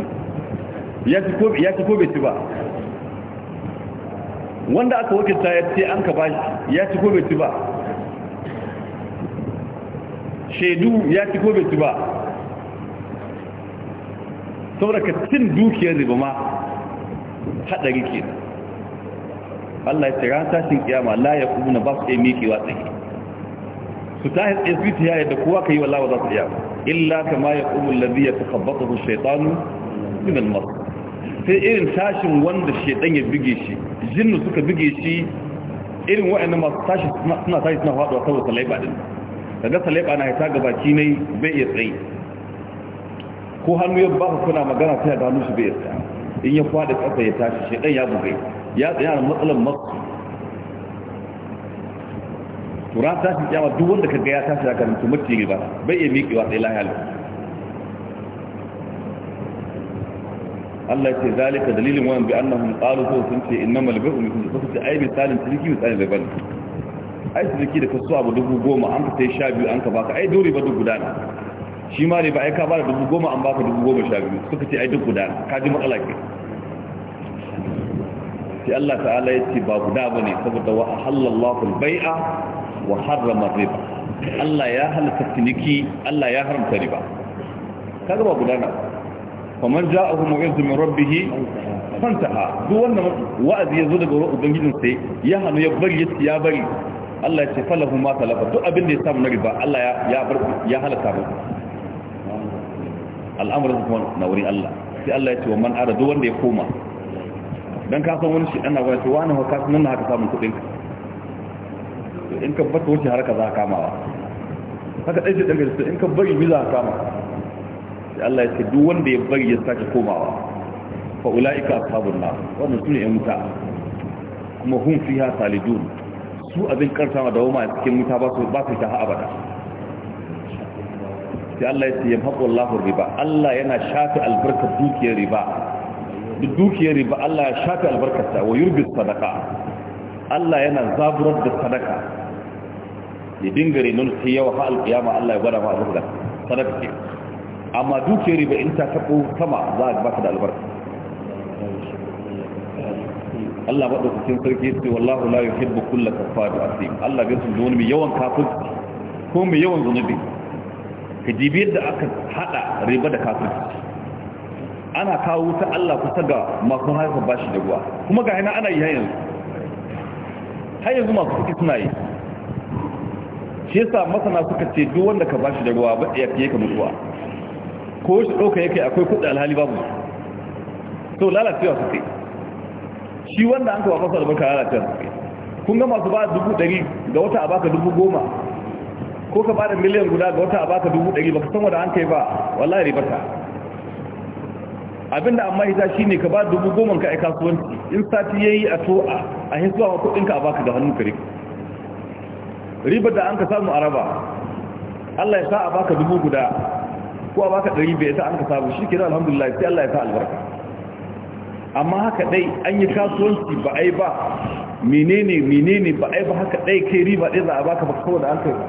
ya ci ko bai ci ba wanda aka wakilta ya ce an ka bashi ya ci ko bai ci ba shaidu ya ci ko bai ci ba saboda ka cin dukiyar riba ma haɗari ke Allah ya ce ran tashin kiyama la ya kuma ba su iya miƙewa tsaye su ta hanyar su ta yaya kowa ka yi wa lawa za su iya illa kama ya kuma labi ya takabbata su shaitanu min masu, sai irin tashin wanda shaitan ya bige shi jinnu suka bige shi irin waɗanda masu tashi suna tashi suna faɗuwa saboda salaiba din daga salaiba na ya ta gabaki ne bai iya tsaye ko hannu ya baka kuna magana sai da hannu bai yarda in ya fada kafa ya tashi shi dan ya bugai ya tsaya a matsalan to ran tashi kiyama duk wanda ka ga ya tashi daga mutum mutum ba bai iya miƙewa sai lahiyar Allah ce zalika dalilin wannan bi annahum qalu to sun ce innamal bai'u mithlu kuka ce ai misalin ciniki misalin daban ai ciniki da kasuwa abu dubu goma an ka sai sha biyu an ka baka ai dole ba duk ne. shi ma riba ai ka ba da dubu goma an baka dubu goma sha biyu suka ce ai duk guda ka ji matsala ke sai Allah ta'ala ya ce ba guda ba ne saboda wa halallahu bai'a wa harrama riba Allah ya halatta ciniki Allah ya haramta riba kaga ba guda na faman ja'ahu mu'izzu min rabbih fantaha duk wannan wa'azi yazo daga wurin ubangijin sai ya hanu ya bari ya bari Allah ya ce falahu ma talafa duk abin da ya samu na riba Allah ya ya bar ya ba al'amuran kuma na wuri Allah sai Allah ya ce wa man ara duk wanda ya koma don kasan wani shi ana gwada ce wani haka sun nan haka samun kuɗin ka in ka bata wuce harka za ka kamawa haka ɗaya ce ɗan gaji in ka bari mi za kama sai Allah ya ce duk wanda ya bari ya sake komawa fa ula'ika ashabun nar wannan sune yan wuta kuma hum fiha salidun su abin karsama da wama cikin wuta ba su ba su ta abada sai Allah ya ce yamhaqu riba Allah yana shafi albarkar dukiyar riba duk dukiyar riba Allah ya shafi ta wa yurbi sadaqa Allah yana zaburar da sadaka ya dingare nun sai yawa fa alqiyama Allah ya gwada ma albarka sadaka ce amma dukiyar riba in ta tabo sama za a baka da albarka Allah ba sarki ce wallahu la yuhibbu asim Allah mai yawan kafirci ko mai yawan zunubi ka da yadda aka hada riba da kafirci ana kawo ta Allah kusa ga masu haifar bashi da ruwa kuma ga hana ana yi hanyar hanyar har yanzu masu suna yi shi yasa masana suka ce duk wanda ka bashi da ruwa ba ya fiye ka mutuwa ko shi ɗauka yake akwai kuɗi alhali babu so lalacewa su ke shi wanda an kawo fasa albarka lalacewa su ke kun ga masu ba dubu ɗari ga wata a baka dubu goma ko ka bada miliyan guda ga wata a baka dubu ɗari baka san wadda an kai ba wallahi ribata abinda amma ita shine ka ba dubu goma ka ai kasuwanci in sati yayi a to a a zuwa kuɗin ka a baka da hannun kare ribar da an ka samu a raba, Allah ya sa a baka dubu guda ko a baka ɗari bai sa an ka samu shi kenan alhamdulillah sai Allah ya sa albarka amma haka dai an yi kasuwanci ba ai ba menene menene ba ai ba haka dai kai riba dai za a baka ba da an kai ba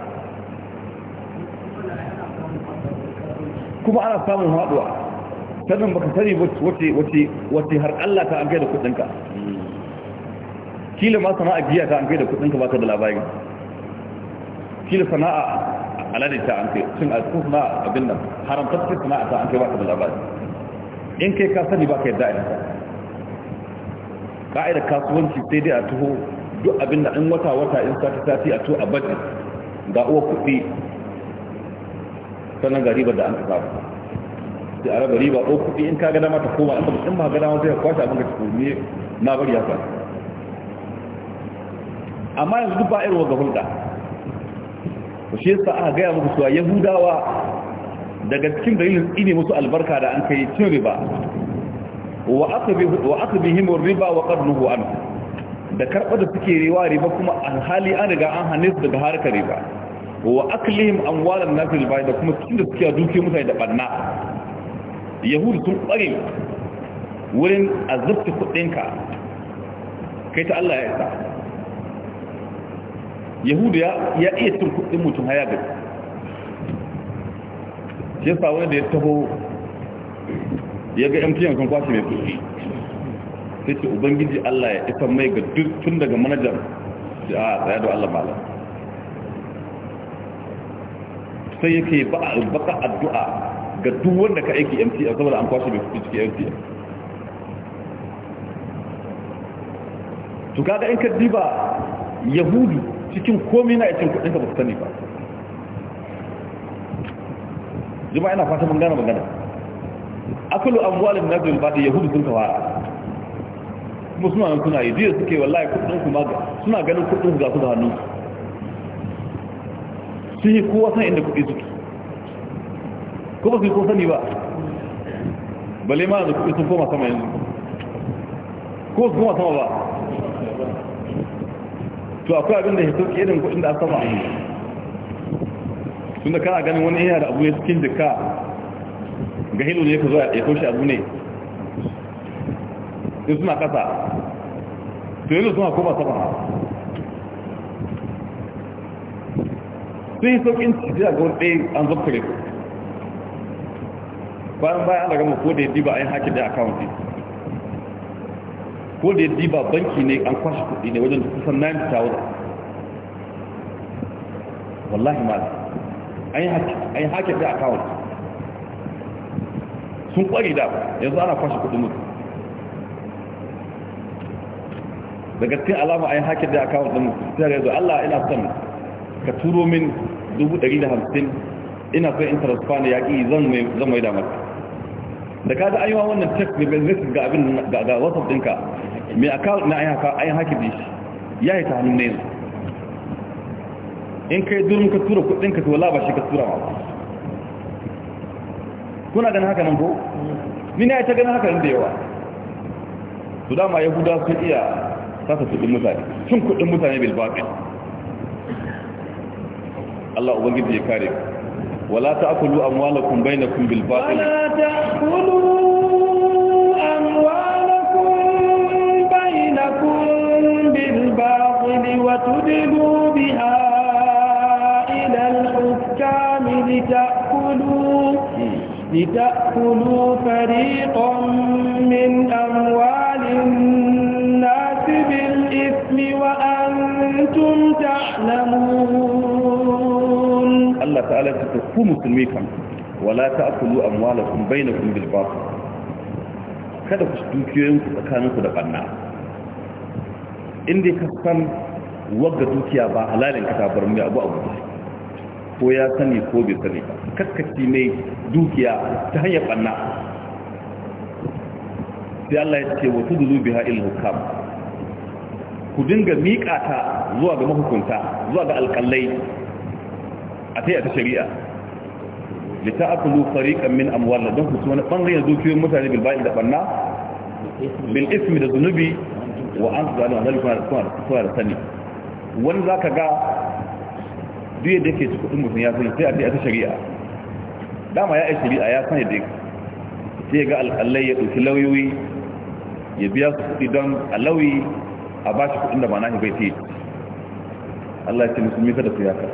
kuma ana samun haɗuwa sannan baka sani wace wace wace har Allah ta an kai da kudinka. kila ma sana'a giya ta an kai da ba baka da labari kila sana'a alade ta an kai cin alkuf na abin nan haramtacce sana'a ta an kai baka da labari in kai ka sani baka yadda ita ka'idar kasuwanci sai dai a tuho duk abin da in wata wata in sati sati a tuho a budget ga uwa kuɗi sannan ga ribar da an samu sai a raba riba ko kuɗi in ka gada mata koma in ba gada mata ya kwashe abin da ci ne na bari ya kwashe amma yanzu duk ba irin ga hulɗa to shi yasa aka gaya muku cewa yahudawa daga cikin dalilin ine musu albarka da an kai cin riba wa himar riba wa qadnuhu an da karɓar da suke riwa riba kuma alhali an riga an hannu su daga harkar riba wa aklihim amwalan nas bai da kuma tunda da suke duke mutane da banna yahudu sun kware wurin azabta kudinka kai ta Allah ya isa yahudu ya iya cin kudin mutum haya ga shi yasa wani da ya taho ya ga mtn sun kwashe mai kudi sai ce ubangiji Allah ya isa mai ga duk tun daga manajan da a ah, tsaye da Allah malam sai yake baka addu'a ga duk wanda ka aiki MTN saboda an kwashe mai kuɗi cikin MTN to kaga in ka diba yahudu cikin komai na cikin kuɗin ka ba sani ba juma'a ina fata mun gane magana akulu amwalin nazil ba da yahudu sun kawara kuma suna nan suna yi jiya suke wallahi kuɗin su ma suna ganin kuɗin su ga su da hannun su sun yi kowa san inda kuɗi suke ko ba su yi ko sani ba bale ma da kuɗi sun koma sama yanzu ko su koma sama ba to akwai abin da ya sauke irin kuɗin da aka sama tun da kana ganin wani yana da abu ya cikin jika ga hilo ne ka zo ya kaushe abu ne in suna ƙasa to yanzu suna koma sama sun yi sauƙin ciki a gawar ɗaya an zafkare ku bayan bayan an ragama ko da ya diba an yi hakin da akawunti ko da ya diba banki ne an kwashe kuɗi ne wajen kusan 90,000 wallahi ma A yi hakin da akawunti sun kwari da yanzu ana kwashe kudi mutu daga cikin alama a yi hakin da akawunti mutu sai yanzu allah ina son ka turo min dubu ɗari da hamsin ina kai in fund ya ƙi zan mai damar da ka da ayyuwa wannan tax revenue ga abin ga whatsapp ɗinka mai akawun na ayin haka ayin haka bishi ya yi ta hannun na yanzu in kai durin ka tura kuɗinka ka wala ba shi ka tura mawa kuna ganin haka nan ko ni na ta ganin haka nan da yawa su dama yahuda sun iya sasa kuɗin mutane sun kuɗin mutane bilbaɓin Allah ubangiji ya kare wala ta'kulu amwalakum bainakum bil batil wala ta'kulu amwalakum bainakum bil batil wa tudlu biha ila al hukam lita'kulu لتأكلوا فريقا من أموال الناس بالإثم وأنتم تعلمون ta'ala ta ta ku musulmi kan wala ta akulu amwalakum bainakum bil batil kada ku dukiyoyin ku tsakanin ku da banna inda ka san wagga dukiya ba halalin ka tabar mai abu abu ko ya sani ko bai sani ba kakkaci mai dukiya ta hanyar banna sai Allah ya ce wa tudulu biha il hukam ku dinga miƙa ta zuwa ga mahukunta zuwa ga alƙalai a ta yi a ta shari'a da ta akulu fariƙan min amwala don kusa wani ɓangaren zuciyoyin mutane bilba'i da ɓanna bil ismi da zunubi wa an su zalima zalima suna da sani wani za ka ga duk yadda ke ci kudin mutum ya sani sai a taya ta shari'a dama ya yi shari'a ya sani da sai ga alƙalai ya ɗauki lauyoyi ya biya su kuɗi don alawi a ba shi kuɗin da ba na shi bai ce Allah ya ce musulmi kada su yaka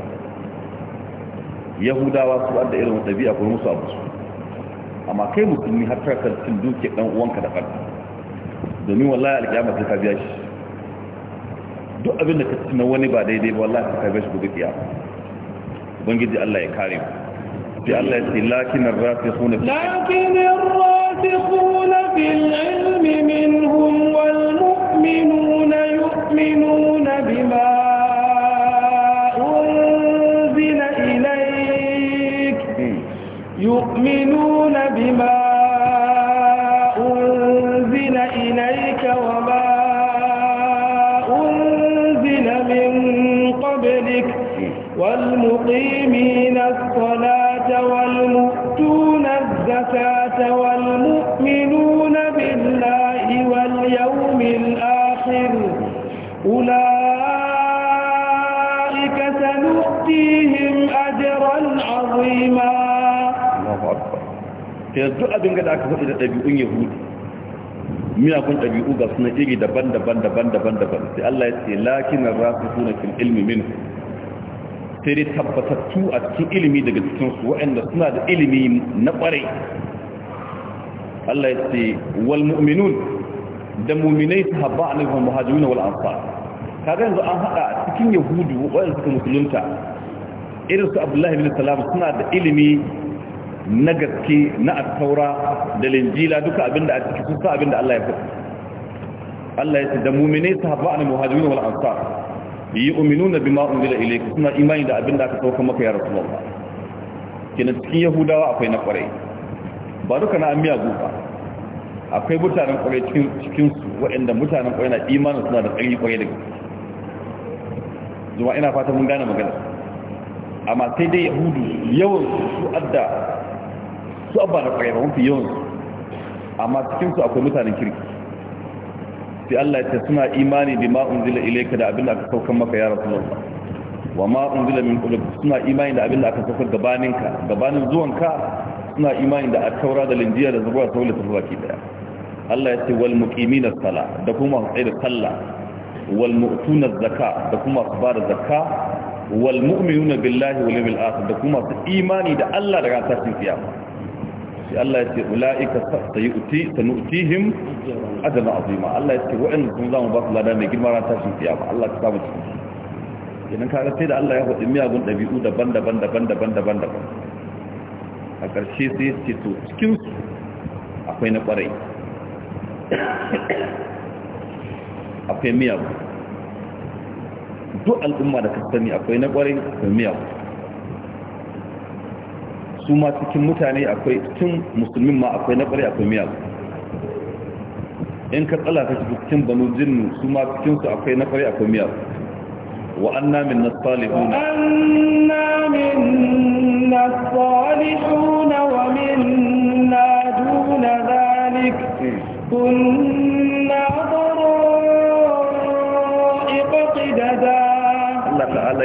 yahudawa su da irin ɗabi'a ko musu abu su amma kai musulmi har tara cin duke ɗan uwanka da ƙarfi domin wallahi alƙiyama sai ka biya shi duk abin da ka ci na wani ba daidai ba wallahi sai ka biya shi gobe kiyama ubangiji Allah ya kare mu sai Allah ya ce lakin ar-rasikhun fi lakin ar suna fil ilmi minhum wal mu'minuna yu'minuna يؤمنون بما أنزل إليك وما أنزل من قبلك والمقيمين الصلاة والمؤتون الزكاة والمؤمنون بالله واليوم الآخر أولئك سنؤتيهم أجرا عظيما ta duk abin da aka faɗi da ɗabi'un yahudu miyakun ɗabi'u ga suna iri daban-daban daban-daban daban sai Allah ya ce lakin rasu suna cin ilmi min sai dai tabbatattu a cikin ilimi daga cikinsu waɗanda suna da ilimi na ƙware Allah ya ce wal mu'minun da mu'minai su habba a nufin muhajiruna wal ansar kaga yanzu an haɗa cikin yahudu waɗanda suka musulunta irin su abdullahi bin salam suna da ilimi na gaske na attaura da linjila duka abinda a ciki kusa abinda Allah ya faɗi Allah ya ce da mu'mine sahabba an muhajirin wal ansar yu'minuna bima unzila ilayka suna imani da abinda aka sauka maka ya rasulullah kenan cikin yahudawa akwai na kwarai ba duka na amiya gufa akwai mutanen kwarai cikin cikin su waɗanda mutanen kwarai na imanin suna da tsari kwarai da gaske zuwa ina fata mun gane magana amma sai dai yahudu yawan su adda su abba na kwaye ba mafi yawan amma cikinsu akwai mutanen kirki sai Allah ya ce suna imani bi ma unzila ilayka da abin da aka saukan maka ya rasulullah wa ma unzila min kula suna imani da abin da aka saukar gabanin ka gabanin zuwan ka suna imani da at-taura da linjiya da zabura ta wulata baki daya Allah ya ce wal na sala da kuma tsaye da sallah wal mu'tuna zakka da kuma su bada zakka wal na billahi wal yawmil akhir da kuma su imani da Allah da ranar tashin kiyama sai Allah ya ce ula'ika sayuti sanutihim ajran azima Allah ya ce wa'annan sun zama ba su lada mai girma ran tashin ba. Allah ta samu cikin kenan kaga sai da Allah ya faɗi miyagun ɗabi'u daban-daban daban-daban daban-daban a ƙarshe sai ya ce to cikin su akwai na ƙwarai akwai miyagun duk al'umma da kasani akwai na ƙwarai akwai miyagun su ma cikin mutane akwai cikin musulmin ma akwai na ƙware akwai miyagu in ka tsala ka shiga cikin banu jinnu su ma cikin su akwai na ƙware akwai miyagu wa an anna na nasalihuna anna min nasalihuna wa minna duna zalik hmm. kunna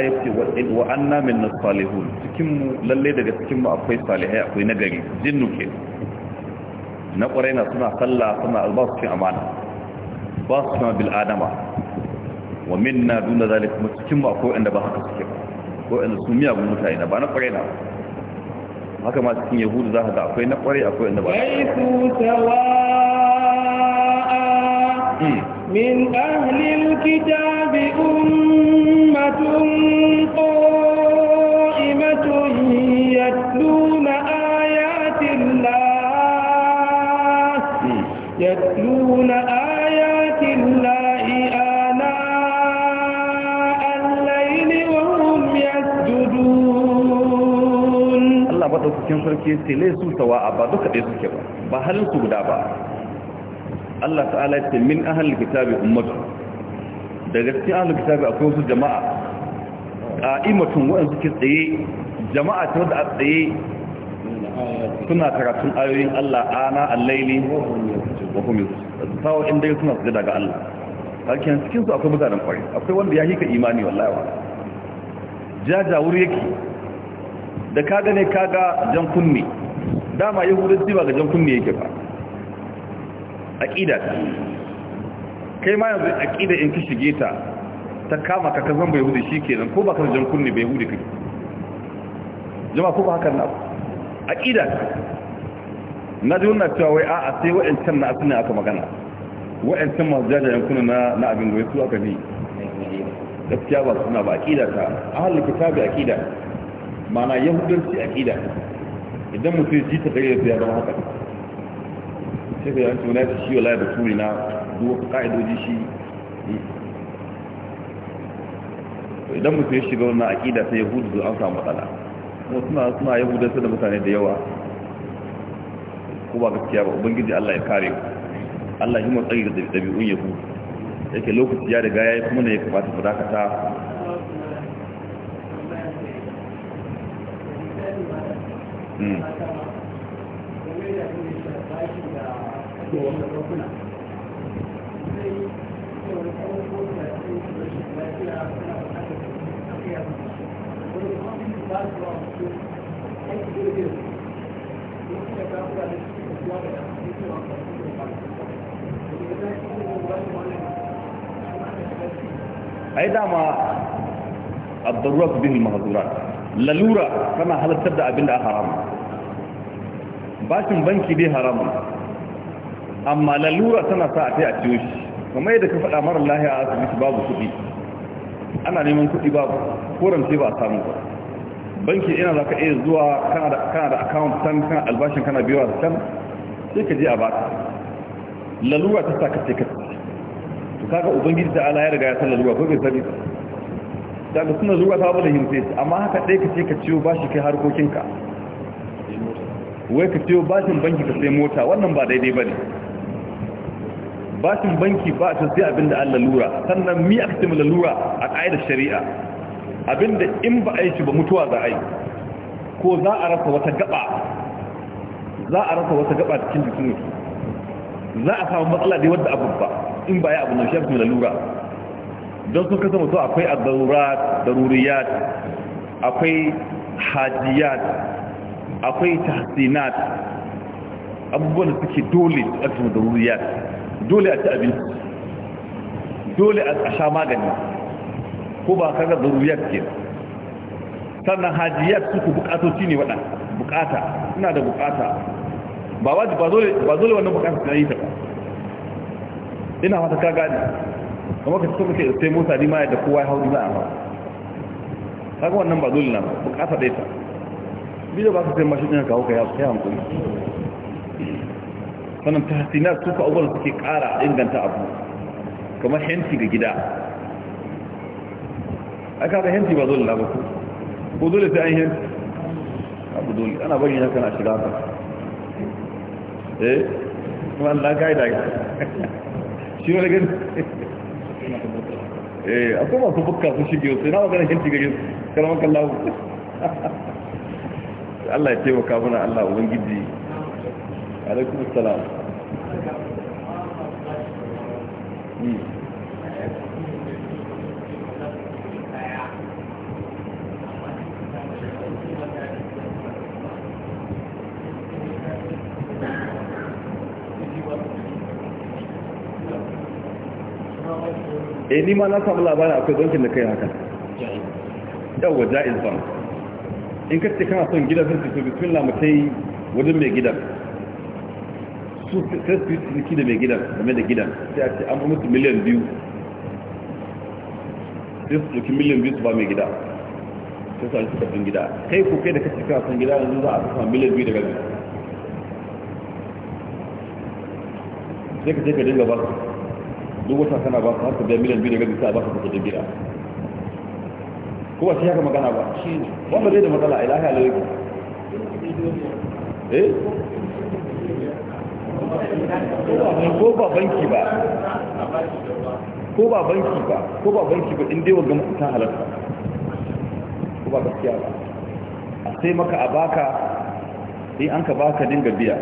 ta'ala ya ce wa anna minna salihun cikinmu lalle daga cikinmu akwai salihai akwai nagari jinnu ke na ƙwarai suna sallah suna albasu cin amana ba su suna bil adama wa minna duna zalik kuma cikinmu akwai wanda ba haka suke ko wanda su miyagun mutane na ba na ƙwarai haka ma cikin yahudu za ka ga akwai na ƙwarai akwai wanda ba na ƙwarai من أهل الكتاب أمة امرأة قائمة يتلون آيات الله يتلون آيات الله آناء الليل وهم يسجدون الله بدأ cikin sarki ce laisu sawa'a ba duka dai suke ba ba halin guda ba Allah ta'ala ya ummatu daga kitabi akwai wasu jama'a qa'imatun wa'an suke tsaye jama'a ta wadda a tsaye suna karatun ayoyin Allah ana al-laili wa inda suna su daga Allah kalkin cikin su akwai mutanen kwari akwai wanda ya hika imani wallahi wa jaja wuri yake da kaga ne kaga jan kunni dama hudu ba ga jan kunni yake ba ta. kai ma yanzu aqida in ki shige ta ta kama ka kazan bai hudu shi kenan ko ba ka jan kunne bai hudu kake jama'a ko ba hakan na aqida na ji wannan cewa wai a'a sai wa'ancan na asini aka magana wa'ancan masu jajayen kuna na na abin goyi su aka bi gaskiya ba suna ba aqida ta ahlul kitabi aqida mana yahudanci aqida idan mutum ji ta dare ya zama haka sai ga yanzu na shi wallahi da turi na duk ka'idoji shi idan mutum ya shiga wannan aqida ta yahudu an samu matsala kuma suna suna yahudansu da mutane da yawa ko ba gaskiya ba ubangiji Allah ya kare ku Allah yi matsayi da dabi'un yahudu yake lokaci ya riga yayi kuma ne ya kamata mu dakata Mm. A yi dama abdurrak bin mahzura lalura tana halartar da abin da a harama bashin banki dai haramun amma lalura tana sa a tai a ciyo shi kamar yadda ka faɗa mara lahiya a asibiti babu kuɗi ana neman kuɗi babu sai ba a samu ba banki ina za ka iya zuwa kana da account can kana albashin kana biyuwa da can sai ka je a baka lalura ta saka ce kasu to kaga ubangiji ta ala ya riga ya san lalura ko bai sani ta ga suna zuwa ta ba da himse amma haka ɗaya ka ce ka ciwo bashi kai harkokinka wai ka ciwo bashin banki ka sai mota wannan ba daidai ba ne bashin banki ba ta sai abin da an lalura sannan mi aka ce lalura a ƙa'idar shari'a abinda in ba a yi ba mutuwa za a yi ko za a rasa wata gaba za a rasa wata gaba cikin jikin mutu za a samu matsala da wadda abu ba in ba ya abu na shafi da lura, don sun kasa mutu akwai a daruriyat akwai hajiyat akwai tahsinat abubuwan da suke dole a cikin daruriyat dole a ci abinci dole a sha magani ko ba kaga zuriyar ke sannan hajiyat suku bukatoci ne waɗanda bukata ina da bukata ba waje ba dole wannan bukata ta yi ta ba ina wata ka gani kuma ka suka ce sai musa ni ma yadda kowa ya hau za a ba kaga wannan ba dole na bukata ɗaya ta biyu ba ka sai mashi ɗin kawo ka ya sai hankali sannan ta tahsinat suka abubuwan suke ƙara inganta abu kamar hanci ga gida aka da hanci ba dole ba ko dole sai an hinti abu dole ana bari haka na shiga ba eh kuma Allah kai da shi ne gani eh akwai masu bukka su shige su na magana hinti gare su kalman kallahu Allah ya taimaka mana Allah ubangiji alaikum assalam Mm-hmm. E ni ma na samu labarin akwai bankin da kai haka yawwa jaiz ba in ka ce kana son gidan sai su bismillah mu kai wajen mai gidan su sai su da mai gidan game da gidan sai a ce an mutu miliyan biyu sai su ɗauki miliyan biyu su ba mai gida sai su aiki sabbin gida kai ko kai da kace kana son gida yanzu za a samu miliyan biyu daga biyu sai ka je ka dinga ba su duk wata kana ba su haka biya miliyan biyu daga bisa a ba su kudin gida kuma shi haka magana ba shi ne wanda zai da matsala a ilahi alaikun eh ko ba banki ba ko ba banki ba ko ba banki ba inda yawan gama ta halatta ko ba gaskiya ba a sai maka a baka in an ka baka dinga biya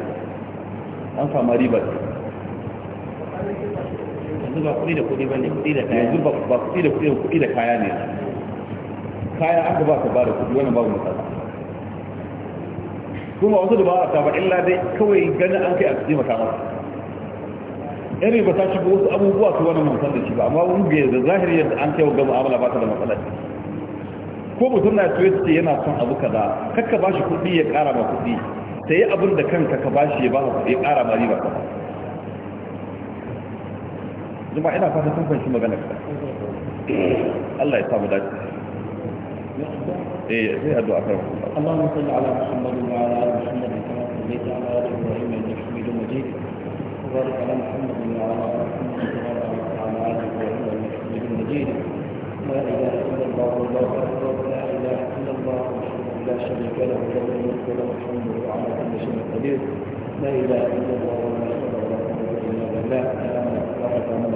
an samu riba ce yanzu ba kuɗi da kuɗi ba ne kuɗi da kaya yanzu ba kuɗi da kuɗi da kuɗi da kaya ne kaya aka ba ka ba da kuɗi wannan babu matsala kuma wasu dabara ta ba illa dai kawai ganin an kai a cikin mata masa irin ba ta shiga wasu abubuwa su wani musan da shi ba amma wani ga da zahiri yadda an kai wa gaba amala ba ta da matsala ko mutum na so yace yana son abu kaza kakka ba shi kuɗi ya ƙara ma kuɗi sai abin da kanka ka ba shi ya ba ka kuɗi ya ƙara ma riba kaza zuma ina fata sun fahimci magana ka Allah ya samu dace eh sai addu'a kai Allahumma salli ala Muhammad wa ala ali Muhammad kama sallaita ala Ibrahim innaka Hamidum Majid وبارك على محمد وعلى آل محمد وبارك على آل إبراهيم إنك حميد مجيد لا إله إلا الله والله أكبر لا إله إلا الله لا شريك له له الملك وله الحمد وعلى كل شيء قدير لا إله إلا الله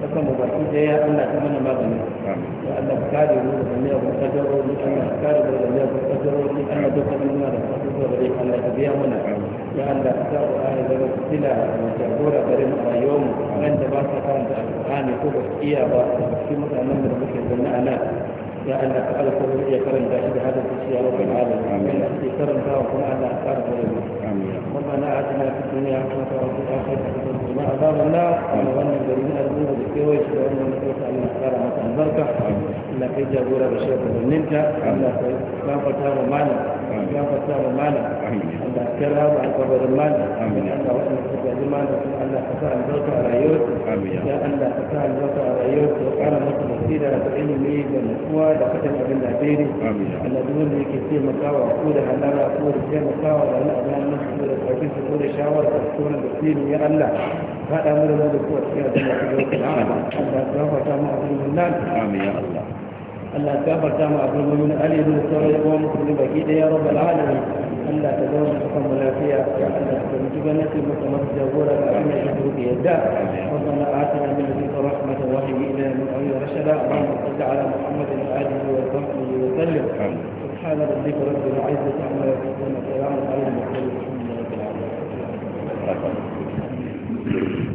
kasan mu baki daya Allah ta mana magani ya Allah ka kare mu daga miya ko kaddaro ni Allah ka kare mu daga miya ko kaddaro ni Allah duka mun na da kasu da Allah ka biya mana ya Allah ka sa Qur'ani da wasila da jagora bare mu a yau mu da ba sa karanta Qur'ani ko ba iya ba su mutanen da muke zanna a nan ya Allah ka kala kuma iya karanta shi da hadin zuciya wa bil alam amin ake karanta wa kuma Allah ka kara da mu amin kuma na atina fi dunya hasanatan wa fil akhirati hasanatan wa qina adhaban nar wa wannan gari na al'umma da kewaye shi da wannan mutunta Allah ka kara ta albarka Allah ka jagora da shi da ninta Allah ka wa malam gafarta wa malam Allah ka raba alƙabarin malam amin Allah wa ji malamin Allah ka sa albarka a ya Allah ka sa albarka a ya kara masa da ilimi da nutsuwa da fatan abin da daidai Allah duk wanda yake taimakawa ko da halala ko da taimakawa da wani abin nan ko da karfin ko da shawara da ko ya Allah faɗa mu da mu da cikin abin da Allah mu abin nan amin ya Allah الله كبر تام عبد المؤمن علي بن سوري يقوم بكيد يا رب العالمين ألا تدور بكم ولا فيها ألا تدور جبنة نفسي بكم نفسي أقول لك أن يشكر في يدا ربنا آتنا من لديك رحمة وحي إلى المؤمن رشدا اللهم صل على محمد وآله وصحبه وسلم سبحان ربك رب العزة عما يصفون السلام عليكم ورحمة الله وبركاته Thank you.